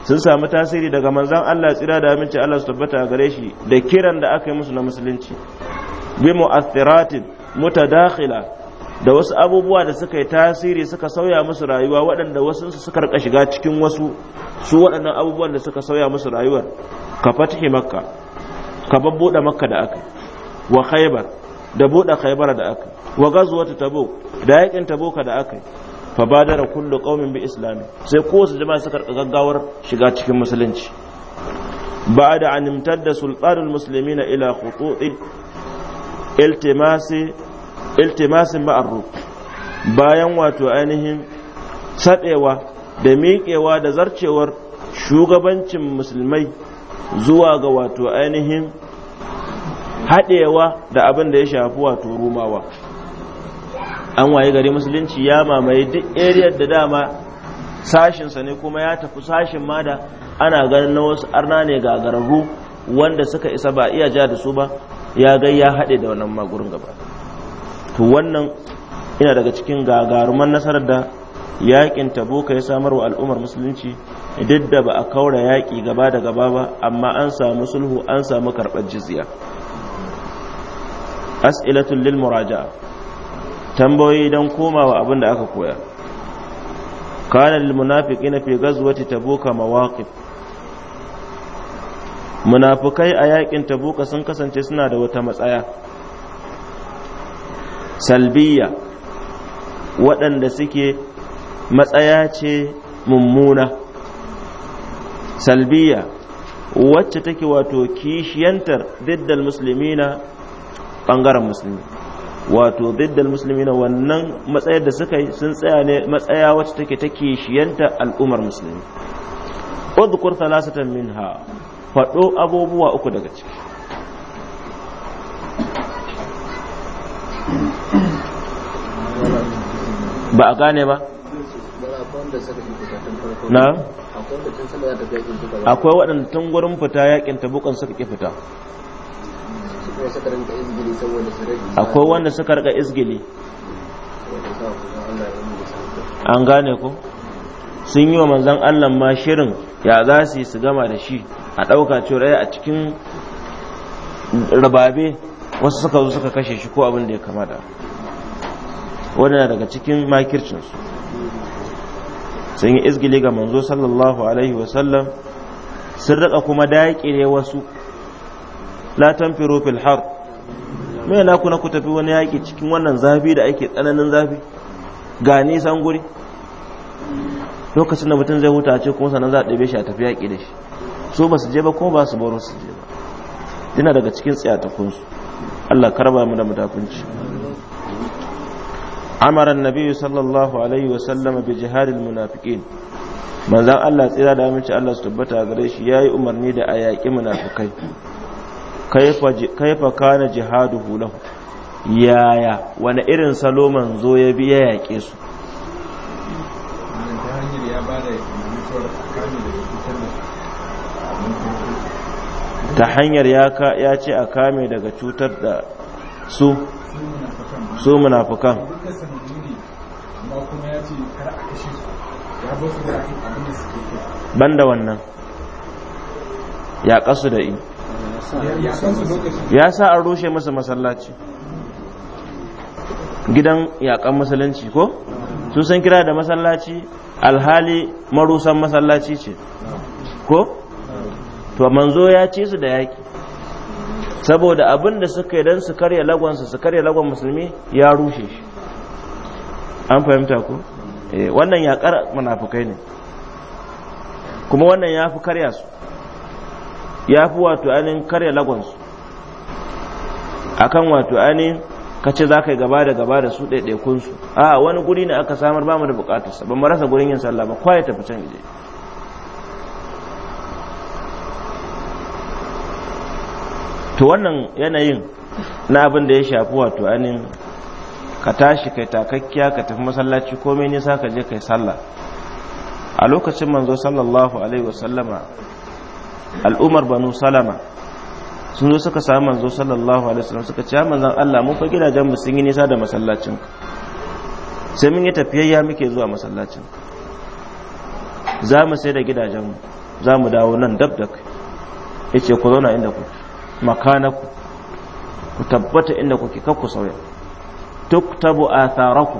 sun samu tasiri daga manzan Allah tsira da aminci Allah su tabbata gare shi da kiran da aka yi musu na musulunci bi mu'athiratin mutadakhila da wasu abubuwa da suka yi tasiri suka sauya musu rayuwa waɗanda wasu suka rika shiga cikin wasu su waɗannan abubuwan da suka sauya musu rayuwar ka fatihi makka ka babbuɗe makka da aka wa khaybar da buɗe khaybar da aka wa gazwatu tabuk da yakin tabuka da aka fa badara kullu qaumin bi islami sai su jama'a suka gaggawar shiga cikin musulunci بعد أن امتد سلطان المسلمين إلى خطوط التماس التماس مع الروم bayan wato ainihin sadewa da miƙewa da zarcewar shugabancin musulmai zuwa ga wato ainihin haɗewa da abin da ya shafi wato rumawa an waye gari musulunci ya mamaye duk ariyar da dama sashinsa ne kuma ya tafi sashin ma da ana ganin na wasu arna ne gagararru wanda suka isa ba iya ja da su ba ya gai ya haɗe da wannan magurin gaba to wannan ina daga cikin gagaruman nasarar da yakin ka ya samar wa al'ummar musulunci duk da ba a kaura yaƙi gaba da gaba ba amma an samu sulhu an samu karɓar jizya as'ilatul lil muraja'a tambayoyi don komawa abin da aka koya kana lil munafiqin fi ghazwati tabuka mawaqif munafukai a yaƙin tabuka sun kasance suna da wata matsaya salbiya waɗanda suke matsaya ce mummuna salbiya wacce take wato kishiyantar diddal musulmina bangaren musulmi wato diddal musulmina wannan matsayar da suka yi sun tsaya ne matsaya wacce take ta kishiyanta al'ummar musulmi udkur thalathatan minha faɗo abubuwa uku daga ciki ba a gane ba na akwai waɗanda tun gurin fita yakin tabukan suka ƙi fita akwai wanda suka rika izgili an gane ku sun yi wa manzan allah ma shirin ya za su yi su gama da shi a ɗauka cewa a cikin rababe wasu suka zo suka kashe shi ko abin da ya kamata wadana daga cikin makircinsu sun yi izgili ga manzo sallallahu alaihi wasallam sun rika kuma daƙire wasu latan firofil fil har me yana kuna ku tafi wani yaƙi cikin wannan zafi da ake tsananin zafi ga nisan guri lokacin da mutum zai huta ce kuma sannan za a ɗabe shi a tafi yaƙi da shi so ba su je ba ko ba su baro su je ba yana daga cikin tsayatakunsu Allah karba mu da mutakunci amara annabi sallallahu alaihi wa sallam bi jihadil munafiqin manzon Allah tsira da aminci Allah su tabbata gare shi yayi umarni da ayaki munafikai kaifa kaifa kana jihaduhu lahu yaya wani irin salo manzo ya bi ya su ta hanyar ya ce a kame daga cutar da su su munafukan banda wannan ya kasu da ya sa an rushe masa masallaci gidan yakan musulunci ko su san kira da masallaci alhali marusan masallaci ce ko to manzo ya ce su da yaki saboda abin da suka yi don su karya lagonsu su karya lagon musulmi ya rushe shi an fahimta ku eh, wannan yaƙar munafukai ne kuma wannan ya fi karya su ya fi wato ainihin karya lagonsu akan wato ainihin kace za ka yi gaba da gaba da su ɗaiɗaikunsu a wani guri ne aka samar ba mu da bukatarsa ba mu rasa gurin yin sallah ba kwaya tafi can ije to wannan yanayin na abin da ya shafi wato anin ka tashi kai takakkiya ka tafi masallaci komai nisa ka je kai sallah a lokacin manzo sallallahu alaihi wasallama al'umar banu salama sun zo suka samu manzo sallallahu alaihi wasallam suka ce ya manzon Allah mun fa gidajen mu sun yi nisa da masallacin sai mun yi tafiyayya muke zuwa masallacin za mu sai da gidajen mu za mu dawo nan dab da kai yace ku zauna inda kuke makanaku ku tabbata inda kuke kakku sauya duk tabu a atharaku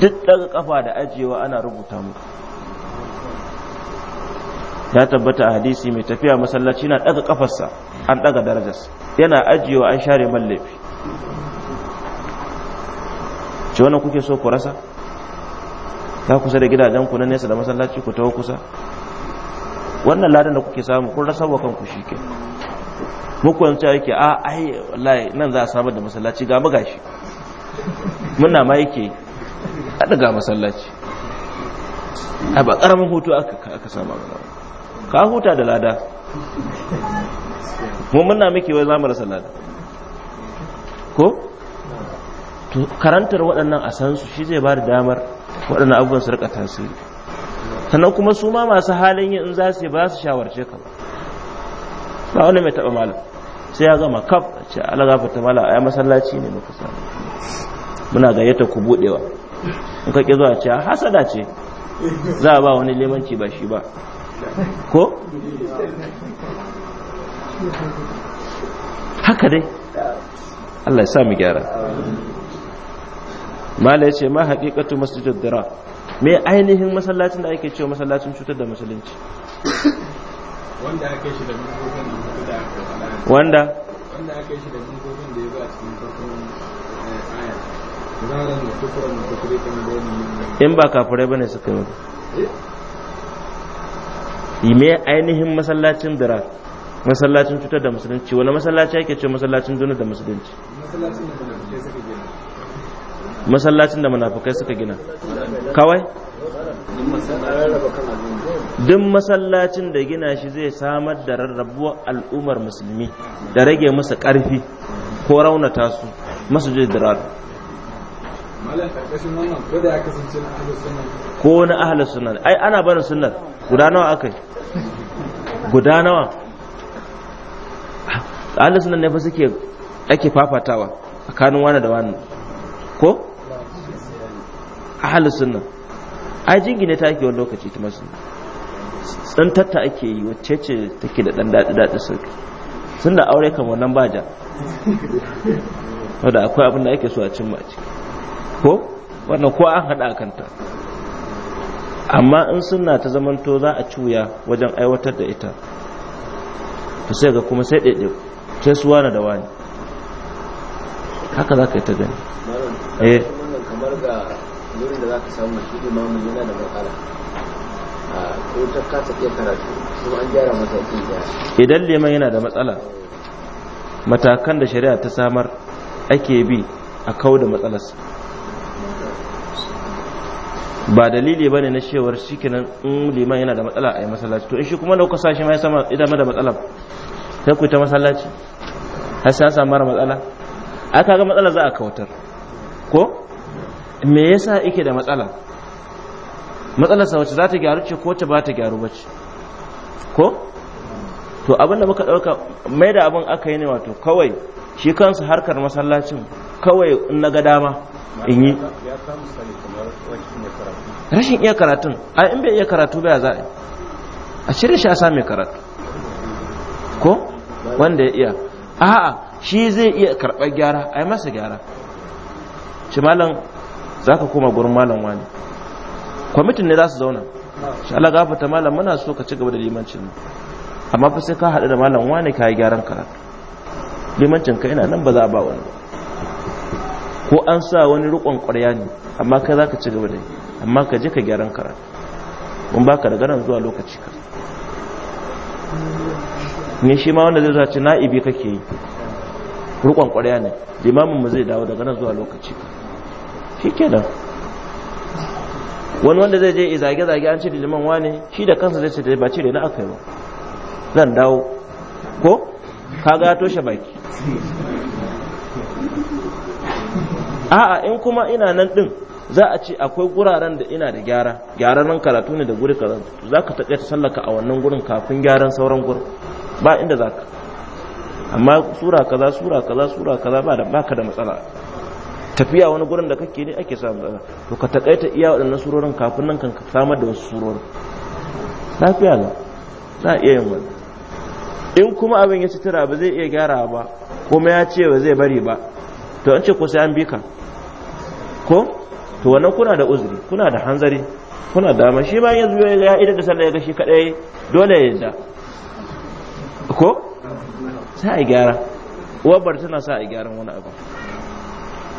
duk daga kafa da ajiyewa ana rubuta mu. ya tabbata a hadisi mai tafiya masallaci na daga kafarsa an daga darajarsa yana ajiyewa an share man laifi ce wannan kuke so ku rasa ta kusa da gidajen ku na nesa da masallaci ku taho kusa wannan ladan da kuke samu kun rasa wa kanku ke. muku cewa yake a ah, ai wallahi nan za a samar da masallaci ga magashi muna ma yake a daga masallaci a ba karamin hutu aka sama ba ka huta da lada mun muna muke wai zamu rasa lada ko karantar waɗannan a san su shi zai ba da damar waɗannan abubuwan su rika tasiri sannan kuma su ma masu halin yin in za su ba su shawarce ka ba ba wani mai taɓa malam sai ya gama kaf ce alagafa ta mala a masallaci ne muka samu muna gayyata ku budewa in ka ki zuwa ce hasada ce za a ba wani lemanci ba shi ba ko haka dai Allah ya sa mu gyara mala ya ce ma haƙiƙatu masu dira me ainihin masallacin da ake cewa masallacin cutar da musulunci wanda ake shi da wanda in ba kafirai bane suka yi eh? yi me ainihin masallacin dira masallacin cutar da musulunci wani masallaci ake ce masallacin duniya da musulunci masallacin da munafukai suka gina kawai duk masallacin da gina shi zai samar da rarrabuwar al'ummar musulmi da rage musu ƙarfi ko raunata su masu jidirar ko na ahalar sunan ai ana barin sunan guda nawa aka yi guda nawa ahalar sunan ne fa suke ake fafatawa kanin wani da wani ko ahalar sunan a ne ta ake wani lokaci ta masu tsantatta ake yi wacce ce take da ɗan daɗi daɗi sauki sun da aure kan wannan baja wadda akwai abin da ake so a cin a ko wannan ko an haɗa a kanta amma in suna ta zamanto za a cuya wajen aiwatar da ita ta sai ga kuma sai ɗaiɗe sai su wani da wani haka za ka yi ta gani eh kamar ga wurin da za ka samu shi imamu yana da ko ta iya karatu kuma an gyara matakin idan liman yana da matsala matakan da shari'a ta samar ake bi a kawo da matsalarsa ba dalili bane na cewar shikenan in liman yana da matsala a yi masallaci to in shi kuma lokacin shi ma ya sama idan da matsala sai ku ta masallaci har sai an samu mara matsala a ga matsala za a kawatar? ko me yasa yake da matsala matsalar sa wacce za ta gyaru ce ko ta ba ta gyaru bace ko to abin da muka ɗauka mai da abin aka yi ne wato kawai shi kansu harkar masallacin kawai in na ga dama in yi rashin iya karatun a in bai iya karatu ba za a a shirin shi a sa mai karatu ko wanda ya iya a'a shi zai iya karɓar gyara a yi masa gyara shi malam za ka koma gurin malam wani kwamitin ne za su zauna shi ala gafata malam muna so ka ci gaba da limancin amma fa sai ka haɗu da malam wani ka yi gyaran karatu limancin ka yana nan ba za a ba wani ko an sa wani rukon ƙwarya ne amma kai za ka ci gaba da yi amma ka je ka gyaran karatu mun baka da garan zuwa lokaci ka ne shi ma wanda zai zace na'ibi kake yi rukon kwarya ne limamin mu zai dawo daga nan zuwa lokaci shi ke nan wani wanda zai je zage zage an ce da liman wane shi da kansa zai ce da ba ce da na aka yi ba zan dawo ko kaga ya toshe baki a'a in kuma ina nan din za a ce akwai guraren da ina da gyara gyaran nan karatu ne da guri karatu za ka taƙaita sallaka a wannan gurin kafin gyaran sauran gurin ba inda za ka amma sura kaza sura kaza sura kaza ba da baka da matsala tafiya wani gurin da kake ne ake samu tsala to ka takaita iya waɗannan surorin kafin nan kan samar da wasu surorin lafiya ne za iya yin wani in kuma abin ya citira ba zai iya gyara ba kuma ya ce ba zai bari ba to an ce ko sai an bi ka ko to wannan kuna da uzuri kuna da hanzari kuna da dama shi ba ya zuwa ya idan da sallah ya ga shi kadai dole ya yadda ko sa a gyara uwar tana sa a gyaran wani abu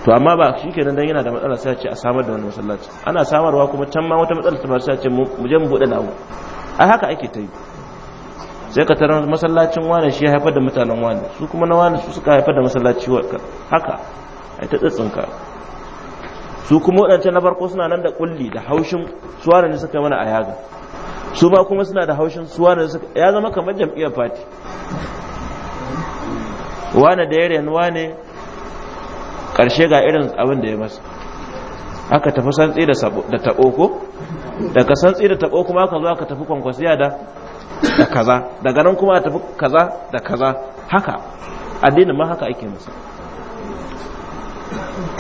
to amma ba shi ke nan yana da matsala sai ce a samar da wani masallaci ana samarwa kuma can ma wata matsala ta ba sai ce mu je mu bude nawo a haka ake ta yi sai ka tarar masallacin wani shi haifar da mutanen wani su kuma na wani su suka haifar da masallaci haka ai ta tsitsinka su kuma waɗancan na farko suna nan da kulli da haushin suwanan ne suka mana a yaga su ma kuma suna da haushin suwanan suka ya zama kamar jam'iyyar fati wane da ya renuwa wane ƙarshe ga irin abin da ya masa aka tafi santsi da taɓo ko daga santsi da taɓo kuma aka zo aka tafi kwankwasiya da kaza daga nan kuma a tafi kaza da kaza haka addinin ma haka ake masa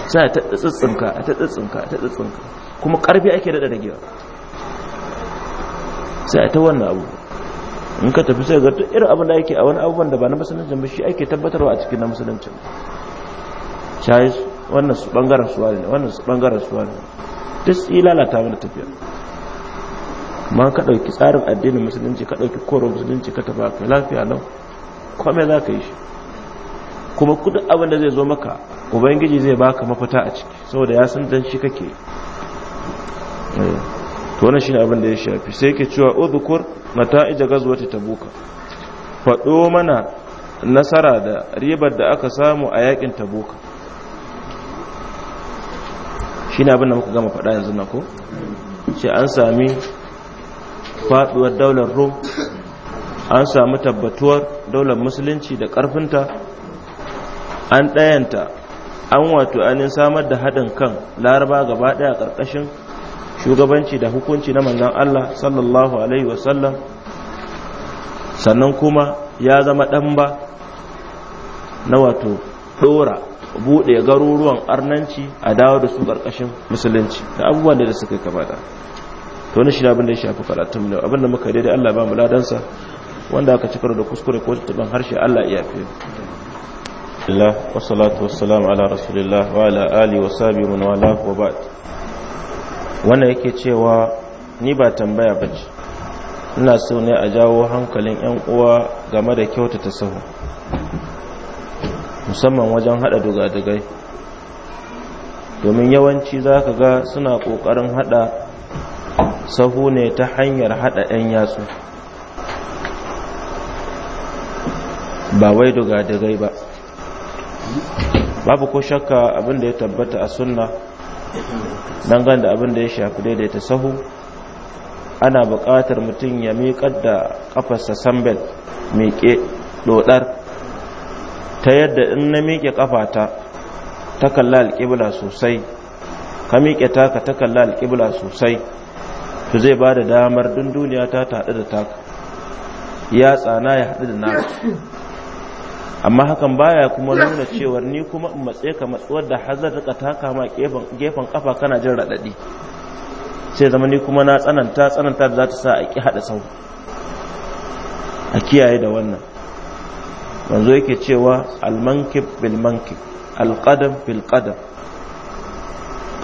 sai ta tsitsinka ta tsitsinka ta tsitsinka kuma ƙarfi ake daɗa da gewa sai ta wannan abu in ka tafi sai ga duk irin abin da yake a wani abubuwan da ba na musulunci ba shi ake tabbatarwa a cikin na musulunci shayi wannan su bangaren suwa ne wannan su bangaren suwa ne duk su lalata mana tafiya ma ka ɗauki tsarin addinin musulunci ka ɗauki koron musulunci ka tafi ka lafiya nan kome za ka yi shi kuma kudin abin da zai zo maka ubangiji zai baka mafita a ciki saboda ya san dan shi kake eh. to wannan shine abin da ya shafi sai yake cewa udhkur mata'ij gazwati tabuka fado mana nasara da ribar da aka samu a yakin tabuka shine abin da muka gama faɗa yanzu na ko sai an sami faduwar daular rum. an samu tabbatuwar daular musulunci da karfinta an ɗayanta an wato anin samar da haɗin kan laraba gaba ɗaya ƙarƙashin shugabanci da hukunci na manzan Allah sallallahu alaihi wasallam sannan kuma ya zama ɗan ba na wato ɗora buɗe garuruwan arnanci a dawo da su ƙarƙashin musulunci da abubuwan da suka da to wani shi abin da ya shafi karatun mu abin da muka daidai Allah ba mu ladansa wanda aka cikar da kuskure ko taban harshe Allah ya fi Allah wa salatu wa salam ala rasulillah wa ala ali wa sahbihi wa ala wa ba'd wannan yake cewa ni ba tambaya ba ce ina so ne a jawo hankalin 'yan uwa game da kyauta ta sahu musamman wajen hada dugadugai domin yawanci za ka ga suna ƙoƙarin hada sahu ne ta hanyar hada 'yan yatsu ba wai dugadugai ba babu ko shakka abinda ya tabbata a sunna dangane da abin da ya shafi daidaita sahu ana buƙatar mutum ya miƙar da ƙafarsa sambel miƙe ɗoɗar ta yadda in na miƙe ƙafata ta kalla alƙibla sosai ka miƙe taka ta kalla alƙibla sosai to zai ba da damar duniya ta taɗu da taka ya tsana ya haɗu da naka amma hakan baya kuma nuna cewar ni kuma in matse ka matsuwar da har zan taka ma gefen kafa kana jin raɗaɗi sai zama ni kuma na tsananta tsananta da za ta sa a ki haɗa sau a kiyaye da wannan manzo yake cewa almankib bil mankib alqadam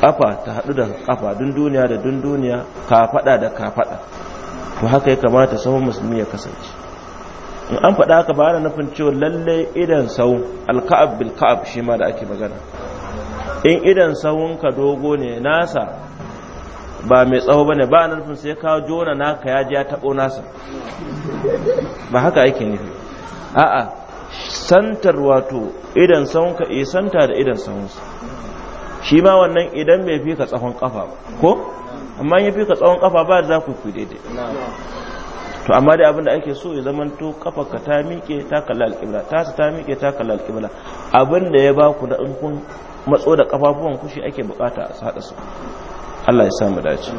kafa ta hadu da kafa duniya da ka kafaɗa da kafaɗa to haka ya kamata sahun musulmi ya kasance in an faɗa haka ba na nufin cewa lalle idan sau alka'ab bil ka'ab shi ma da ake magana in idan ka dogo ne nasa ba mai tsawo bane ba na nufin sai ka jona naka ya ji ya taɓo nasa ba haka ake nufi a'a santar wato idan ka, iya eh, santa da idan su shi ma wannan idan mai fi ka tsawon kafa ko amma yi fi ka tsawon kafa ba da za ku fi daidai to amma dai abin da ake so ya zama to ka ta miƙe ta kalla alƙibla ta ta miƙe ta kalla alƙibla abin da ya ba ku da in kun matso da kafafuwan kushi ake bukata a sada su Allah ya samu dace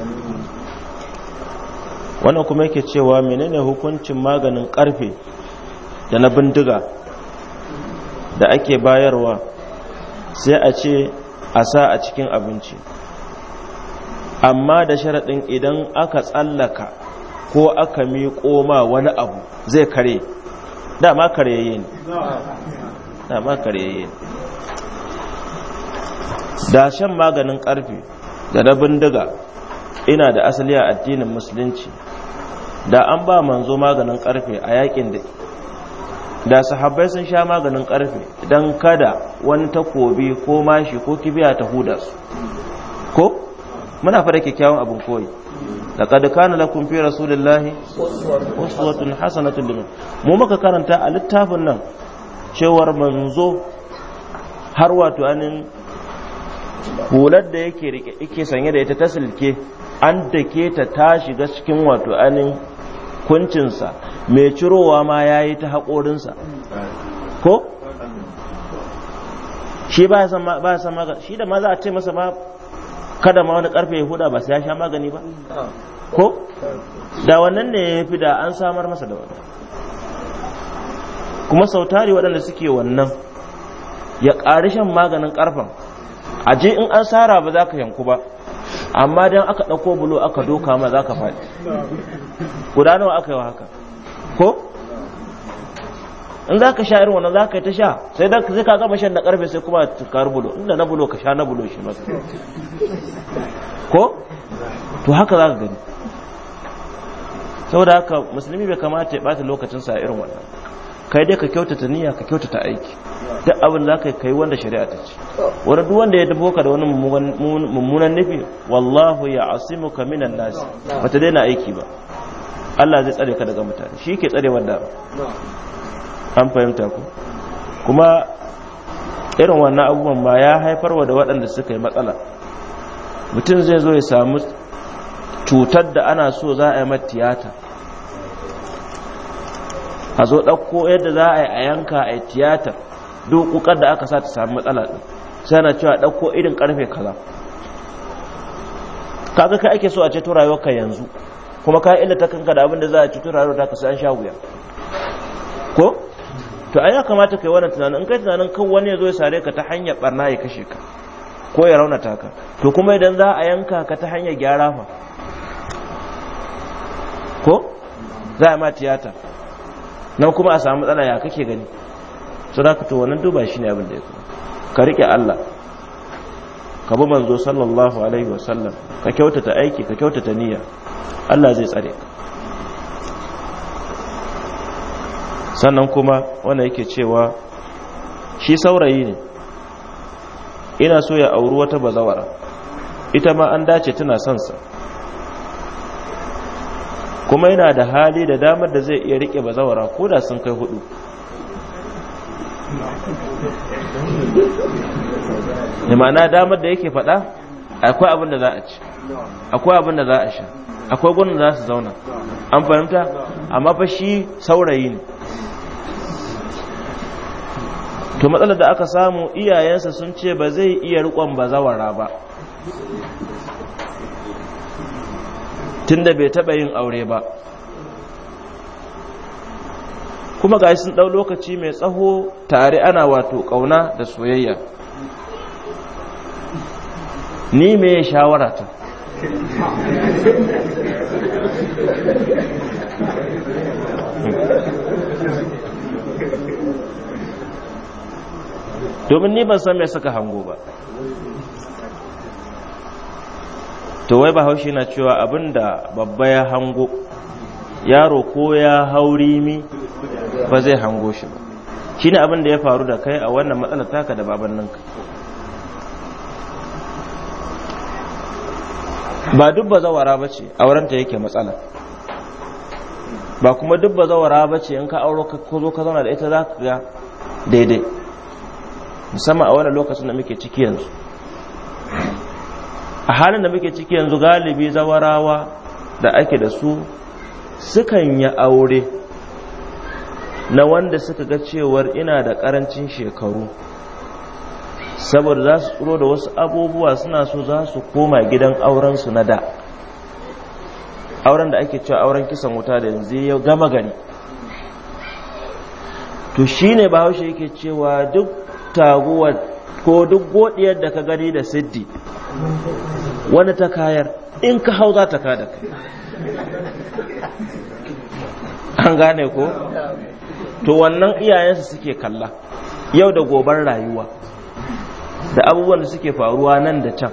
wannan kuma yake cewa menene hukuncin maganin karfe da na bindiga da ake bayarwa sai a ce a sa a cikin abinci amma da sharaɗin idan aka tsallaka ko aka miƙo ma wani abu zai kare dama karyayye ne dama yi ne da shan maganin ƙarfe da na bindiga ina da asali a addinin musulunci da an ba manzo maganin ƙarfe a yakin da da sahabbai sun sha maganin ƙarfe don kada wani takobi ko mashi ko kibiya ta huda su muna fara kyakkyawan abin koyi Da laqad kana kun fi rasulillahi uswatun hasanatun liman mu muka karanta a littafin nan cewar manzo har wato anin hular da yake rike yake sanye da ita ta silke an dake ta ta shiga cikin wato anin kuncinsa mai cirowa ma yayi ta haƙorinsa ko shi ba ya san ma shi da ma za a ce masa ma kada ma wani karfe ya huda ba sai ya sha magani ba ko da wannan ne ya fi da an samar masa da wannan kuma sautari waɗanda suke wannan ya ƙari shan maganin ƙarfan a je in an sara ba za ka yanku ba amma don aka ɗauko bulo aka doka ma za ka faɗi guda nawa aka yi wa haka ko in za ka sha irin wannan za ka yi ta sha sai da zai ka gama shan na karfe sai kuma ka bulo inda na bulo ka sha na bulo shi masu ko to haka za ka gani saboda haka musulmi bai kamata ya bata lokacin sa irin wannan kai dai ka kyautata niyya ka kyautata aiki duk abin za ka kai wanda shari'a ta ce wani duk wanda ya dubo ka da wani mummunan nufi wallahu ya asimu ka minan nasi ta daina aiki ba Allah zai tsare ka daga mutane shi ke tsare wanda an fahimta ku kuma irin wannan abubuwan ba ya haifar wa da waɗanda suka yi matsala mutum zai zo ya samu cutar da ana so za a yi tiyata a zo ɗauko yadda za a yi a yanka a yi tiyatar duk kukar da aka sa ta samu matsala ɗin sai yana cewa ɗauko irin ƙarfe kaza kaga kai ake so a ceto ka yanzu kuma ka illata kanka da abin da za a ceto rayuwar ta ka sai an sha wuya ko to ai ya kamata kai wannan tunanin in kai tunanin kan wani ya zo ya sare ka ta hanyar barna ya kashe ka ko ya raunata ka to kuma idan za a yanka ka ta hanyar gyara fa ko za a ma tiyata na kuma a samu matsala ya kake gani su ka to wannan duba shi ne abin da ya kuma ka rike Allah ka bi manzo sallallahu alaihi wasallam ka kyautata aiki ka kyautata niyya Allah zai tsare ka sannan kuma wanda yake cewa shi saurayi ne ina so ya auri wata bazawara ita ma an dace tana sansa kuma yana da hali da damar da zai iya rike bazawara ko da sun kai hudu ma'ana damar da yake faɗa akwai abin da za a ci akwai abin da za a sha akwai gwanin za su zauna an fahimta amma fa shi saurayi ne to matsalar da aka samu iyayensa sun ce ba zai iya riƙon bazawara ba tunda bai taɓa yin aure ba kuma ga sun ɗau lokaci mai tsaho tare ana wato ƙauna da soyayya ni me shawarata domin ni ban san mai suka hango ba to wai bahaushe na cewa abinda babba ya hango yaro ko ya hauri mi ba zai hango shi ba shine abinda ya faru da kai a wannan matsalar taka da baban ninka ba duk zawara ba ce aurenta yake matsala ba kuma duk bazawara ba ce in ka auro ka zo ka zauna da ita za ka ga daidai musamman a wani lokacin da muke ciki yanzu a halin da muke ciki yanzu galibi zawarawa da ake da su sukan yi aure na wanda suka ga cewar ina da karancin shekaru saboda za su tsoro da wasu abubuwa suna so za su koma gidan aurensu na da auren da ake cewa auren kisan wuta da yanzu ya gama gani to shine bahaushe yake cewa duk taguwar ko duk godiyar da ka gani da siddi wani ta kayar in ka hau za ta ka da kai an gane ko to wannan iyayensu suke kalla yau da goban rayuwa da abubuwan da suke faruwa nan da can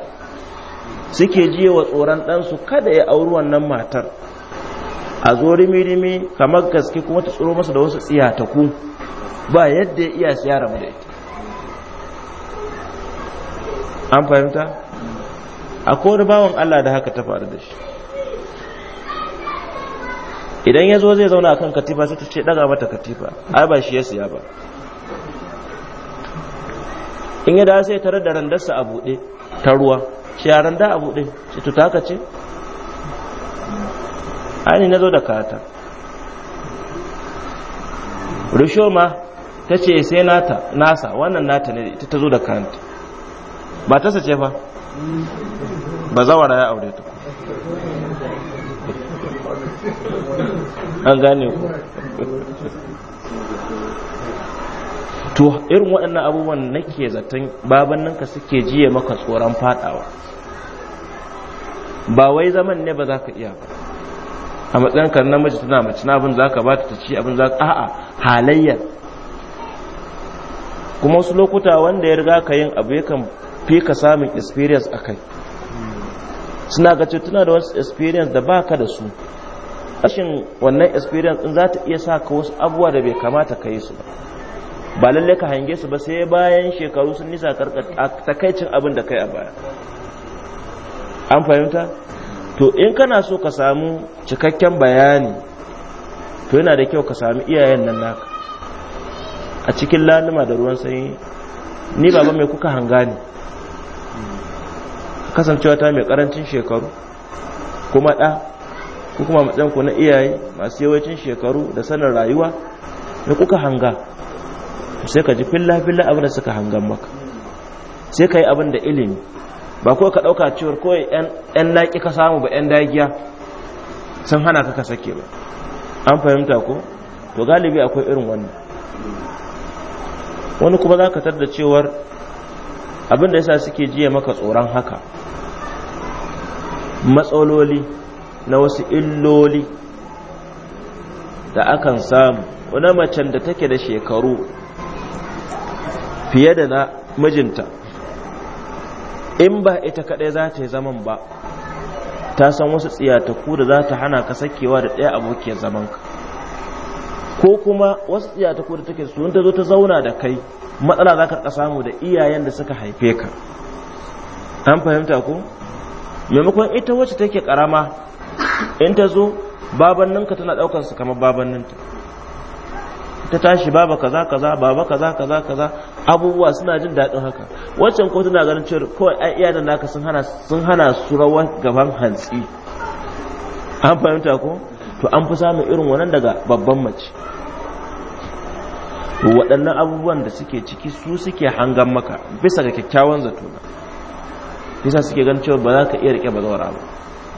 suke jiye wa tsoron ɗansu kada ya auri wannan matar a zo rimi-rimi kamar gaske kuma ta tsoro masa da wasu tsiyataku ba yadda ya iya siya rabu da ita an fahimta a wani bawan Allah da haka ta faru da shi idan ya zo zai zauna akan katifa sai ta ce daga mata katifa ai ba shi ya siya ba in ya dawo sai tare da randarsa a buɗe ta ruwa shi ya randa a buɗe shi tuta ka ce ainihin na zo da kata rushoma ma ta ce sai nata nasa wannan nata ne ita ta zo da kanta ba ta sace fa ba zawara ya aure ta an gane ku to irin waɗannan abubuwan nake zaton baban nan ka suke jiye maka tsoron fadawa ba wai zaman ne ba za ka iya ba a matsayin ka namiji tana mace na abin za ka ba ta ci abin za ka a'a halayyar kuma wasu lokuta wanda ya riga ka yin abu yakan fi ka samun experience a kai suna ga tuna da wasu experience da baka da su rashin wannan experience in za ta iya sa ka wasu abubuwa da bai kamata ka yi su ba ba lalle ka hange su ba sai bayan shekaru sun nisa takaicin abin da kai a baya an fahimta to in kana so ka samu cikakken bayani to yana da kyau ka samu iyayen nan naka a cikin lalima da ruwan sanyi ni baba mai kuka hanga ne kasancewa ta mai karancin shekaru kuma ɗa ko kuma matsayin na iyaye masu yawancin shekaru da sanin rayuwa da kuka hanga sai ka ji filla-filla abin da suka hangan maka sai ka yi abin da ilimi ba kawai ka ɗauka cewar kawai 'yan laƙi ka samu ba 'yan dagiya sun hana ka ka sake ba an fahimta ko to galibi akwai irin wannan wani kuma za ka tar cewar abin da ya sa suke jiya maka tsoron haka matsaloli na wasu illoli da akan samu wani macen da take da shekaru fiye da na mijinta in ba ita kaɗai za ta yi zaman ba ta san wasu tsiyataku da za ta hana ka sakewa da ɗaya abokiyar zamanka ko kuma wasu tsiyataku da take su ta zo ta zauna da kai matsala za ka samu da iyayen da suka haife ka an fahimta ko? maimakon ita wacce take karama in ta zo babanninka tana daukar su kamar babanninta ta tashi baba kaza kaza baba kaza kaza kaza abubuwa suna jin daɗin haka waccan ko tana ganin cewa kawai ai iyalan naka sun hana sun hana su rawa gaban hantsi an fahimta ko to an fi samun irin wannan daga babban mace waɗannan abubuwan da suke ciki su suke hangan maka bisa ga kyakkyawan zato yasa suke gan cewa ba za ka iya rike bazawara ba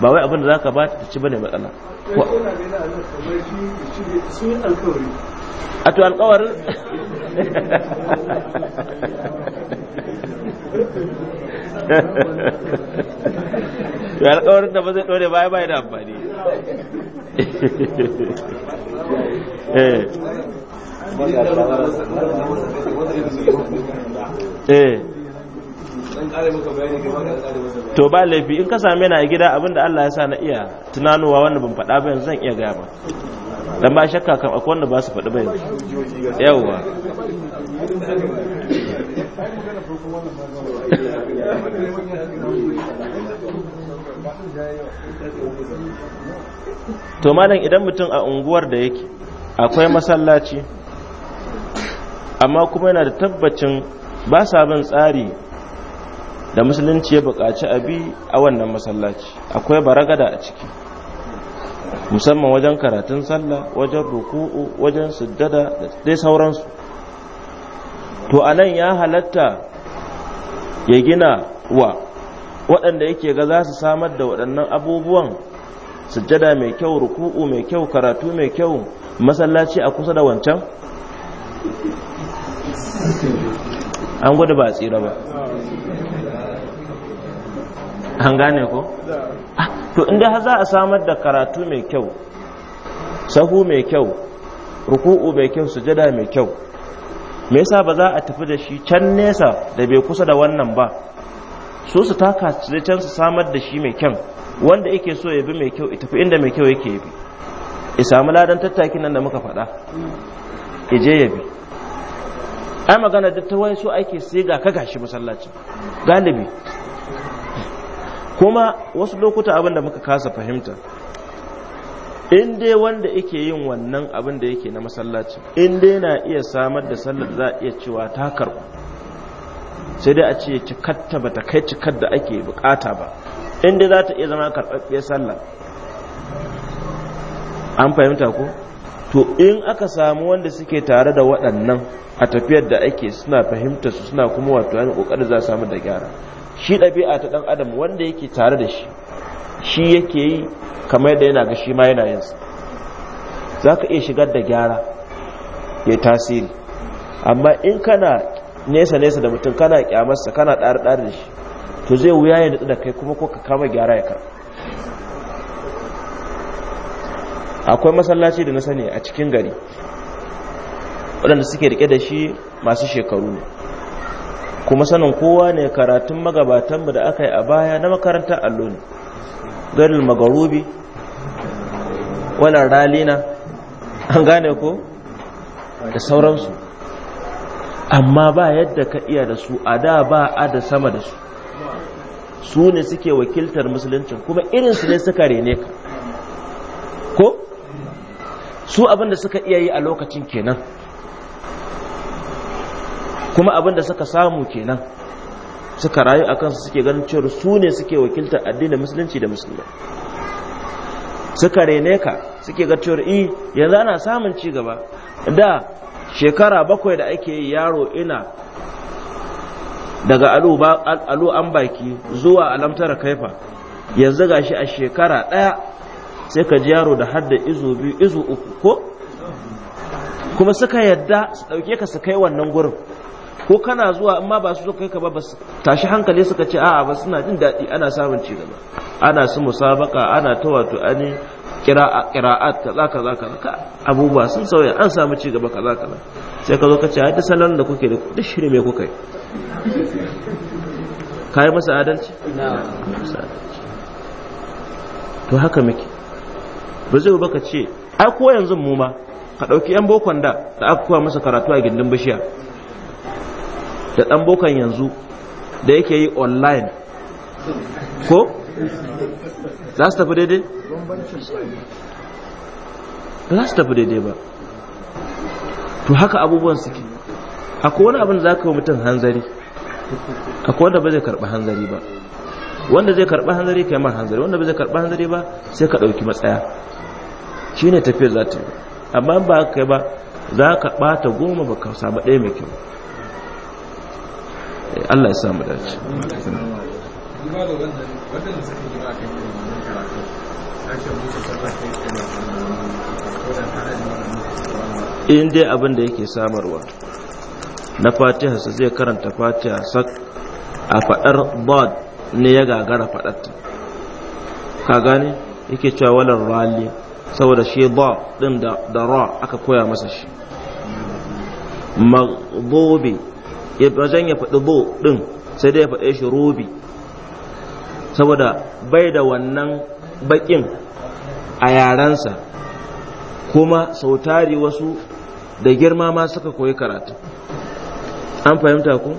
ba wai abin da za ka ba ta ci bane matsala a to alkawarin to alkawarin da ba zai dore baya bai da amfani eh, eh. to ba laifi in ka same na a gida abinda Allah ya sa na iya tunanowa wanda ban faɗa ba yanzu zan iya gaya ba dan ba shakka kan akwai wanda ba su faɗi ba yanzu yawwa to malam idan mutum a unguwar da yake akwai masallaci amma kuma yana da tabbacin ba sa bin tsari da musulunci ya buƙaci abi a wannan masallaci akwai baragada a ciki musamman wajen karatun sallah wajen ruku'u wajen sujjada da dai sauransu to anan ya halatta ya gina wa waɗanda yake ga za su samar da waɗannan abubuwan sujjada mai kyau ruku'u mai kyau karatu mai kyau masallaci a kusa da wancan an gudu ba a tsira ba an gane ko ah, to inda za a samar da karatu mai kyau sahu mai kyau ruku'u mai kyau sujada mai kyau me yasa ba za a tafi da shi can nesa da bai kusa da wannan ba so su taka su can su samar da shi mai kyan wanda yake so ya bi mai kyau tafi inda mai kyau yake bi ya samu ladan tattakin nan da muka faɗa je ya bi ai magana da ta wai so ake sai ga ka gashi masallaci galibi kuma wasu lokuta abin da muka kasa fahimta in dai wanda yake yin wannan abin da yake na masallaci in dai na iya samar da sallar za a iya cewa ta karɓu sai dai a ce cikatta ba ta kai cikar da ake bukata ba in dai za ta iya zama karɓaɓɓiyar sallar an fahimta ko to in aka samu wanda suke tare da waɗannan a tafiyar da ake suna fahimta su suna kuma wato yana ƙoƙarin za samu da gyara shi ɗabi'a ta ɗan adam wanda yake tare da shi shi yake yi kamar da yana ga shi ma yana yin za ka iya shigar da gyara ya tasiri amma in kana nesa nesa da mutum kana kyamarsa kana ɗari ɗari da shi to zai wuya ya nutsu da kai kuma ko ka kama gyara ya kar akwai masallaci da na sani a cikin gari waɗanda suke rike da shi masu shekaru ne kuma sanin kowa ne karatun magabatanmu da aka yi a baya na makarantar allo ne Garin magarubi wannan ralina an gane ko da sauransu amma ba yadda ka iya da su a da ba a da sama da su su ne suke wakiltar musuluncin kuma irinsu ne suka rene ka ko su abinda suka iya yi a lokacin kenan kuma abin da suka samu kenan suka rayu a kansu suke ganin cewar su ne suke wakiltar addinin musulunci da musulmai suka rene ka suke ga cewar i eh, yanzu ana samun ci gaba da shekara bakwai da ake yi yaro ina daga alu an baki zuwa alamtar kaifa yanzu gashi a shekara ɗaya sai ka ji yaro da hadda izu biyu izu uku ko kuma suka yadda su ɗauke ka su kai wannan gurin ko kana zuwa amma ba su kai ka ba tashi hankali suka ce a'a ba suna jin daɗi ana samun ci gaba ana su musabaka ana ta wato ani qira'at kaza kaza kaza abubuwa sun sauya an samu ci gaba kaza kaza sai ka zo ka ce ai da salon da kuke da duk shiri me kuka yi kai masa adalci to haka muke ba zai ba ka ce ai ko yanzu mu ma ka ɗauki 'yan bokon da da aka koya masa karatu a gindin bishiya da dan bokan yanzu da yake yi online ko za su tafi daidai ba za su tafi daidai ba to haka abubuwan suke akwai wani abin za ka yi mutum hanzari akwai wanda ba zai karɓi hanzari ba wanda zai karɓi hanzari ka yi mar hanzari wanda ba zai karɓi hanzari ba sai ka ɗauki matsaya shi ne tafiyar za ta yi amma ba ka yi ba za ka ɓata goma ba ka samu ɗaya mai kyau Allah ya sa mu dace in dai abin da yake samarwa na fatiha su zai karanta fatiha sak a fadar bod ne ya gagara fadarta ka gane yake cewa walar rali saboda shi ba din da ra aka koya masa shi magbobi ya bazan ya faɗi bo ɗin sai dai ya faɗe shi robi saboda bai da wannan baƙin a yarensa kuma sautari wasu da girma ma suka koyi karatu an fahimta ku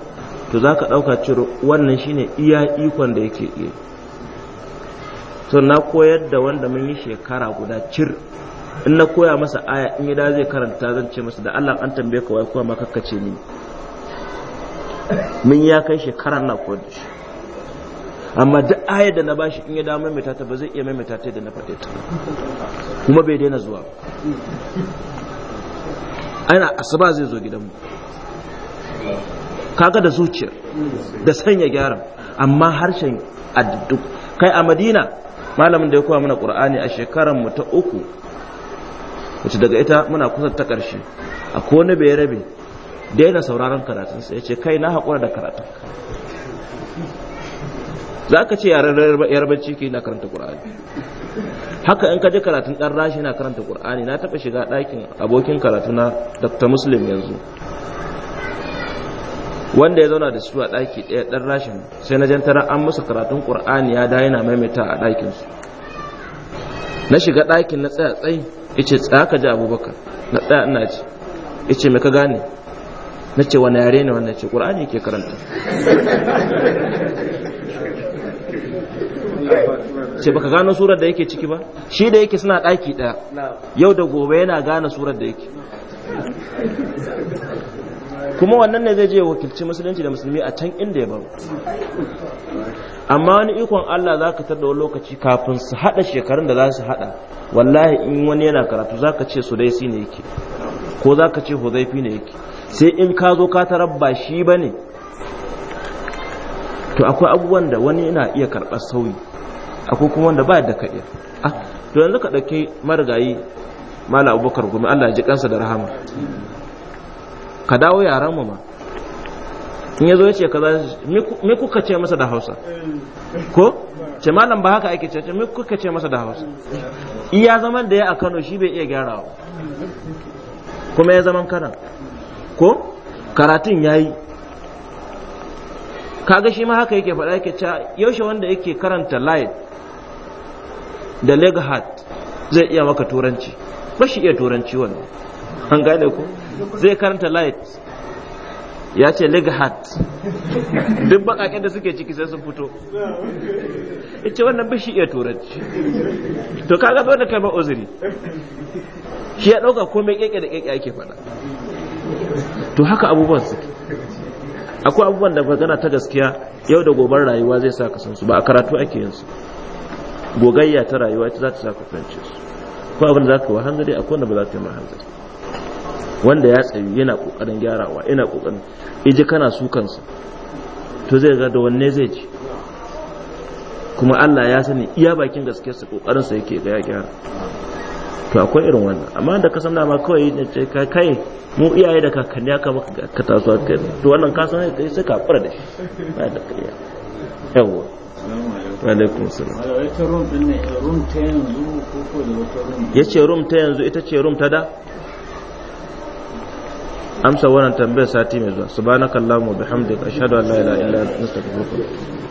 to za ka ɗauka ciro wannan shine iya ikon da yake iya to na koyar da wanda mun yi shekara guda cir in na koya masa aya in da zai karanta zan ce masa da Allah an tambaye ka wai kuma ka kakkace ni mun ya kai shekara na koyar da shi amma duk ayar da na bashi in ya dama maimaita ta ba zai iya mai ta da na faɗe ta kuma bai daina zuwa ana asuba zai zo gidanmu kaga da zuciyar da sanya gyara amma harshen addu kai a madina malamin da ya koya mana qur'ani a shekarar mu ta uku wacce daga ita muna kusa ta ƙarshe akwai wani bai rabe daina sauraron karatun ya ce kai na haƙura da karatun za ka ce yaren yarbanci ke na karanta ƙur'ani haka in ka ji karatun ɗan rashi na karanta ƙur'ani na taɓa shiga ɗakin abokin karatu na dr muslim yanzu wanda ya zauna da su a ɗaki ɗaya ɗan rashin sai na tara an musu karatun ƙur'ani ya da na maimaita a ɗakinsu na shiga ɗakin na tsaya tsayi ce tsaya ka ji abubakar na tsaya ina ce ya ce me ka gane na ce wani yare ne wannan ce ƙur'ani ke karanta ce baka gano surar da yake ciki ba shi da yake suna ɗaki ɗaya yau da gobe yana gane surar da yake kuma wannan ne zai je wakilci musulunci da musulmi a can inda ya baro amma wani ikon Allah za ka tarda wani lokaci kafin su haɗa shekarun da za su haɗa wallahi in wani yana karatu za ka ce su ne yake ko za ka ce huzaifi ne yake sai in ka zo ka taraba shi ba ne to akwai abubuwan da wani yana iya karɓar sauyi akwai kuma wanda ba da kaɗe ah, to yanzu ka ɗauki marigayi mala abubakar gumi allah ji kansa da rahama ka dawo yaran mu ma in ya zo ya ce ka za me kuka ce masa da hausa ko ce malam ba haka ake ce me kuka ce masa da hausa iya zaman da ya a kano shi bai iya gyarawa kuma ya zaman kanan ko karatun yayi kaga shi ma haka yake faɗa yake cewa yaushe wanda yake karanta light da leg hat zai iya maka turanci ba shi iya turanci wannan an gane ku zai karanta light ya ce leg hat duk bakaken da suke ciki sai sun fito ce wannan ba shi iya turanci to kaga zo da kai ma uzuri shi ya ɗauka komai keke da keke ake faɗa to haka abubuwan suke akwai abubuwan da magana ta gaskiya yau da gobar rayuwa zai sa ka san su ba a karatu ake yin su gogayya ta rayuwa ita za ta sa ka su ko abin da za ka wa hanzari akwai wanda ba za ta yi ma hanzari wanda ya tsayu yana kokarin gyarawa yana kokarin iji kana su kansa to zai ga da wanne zai ji, kuma Allah ya sani iya bakin gaskiyarsa kokarin sa yake ga ya gyara to akwai irin wannan amma da ka san dama kawai da ce ka kai mu iyaye da kakanni aka maka ka taso ka to wannan ka san kai sai ka fara da shi ba da kariya yawa alaikum salam room din ne room ta yanzu ko ko da wata room yace room ta yanzu ita ce room ta da amsa wannan tambayar sati mai zuwa subhanakallahumma bihamdika ashhadu an la ilaha illa anta astaghfiruka wa atubu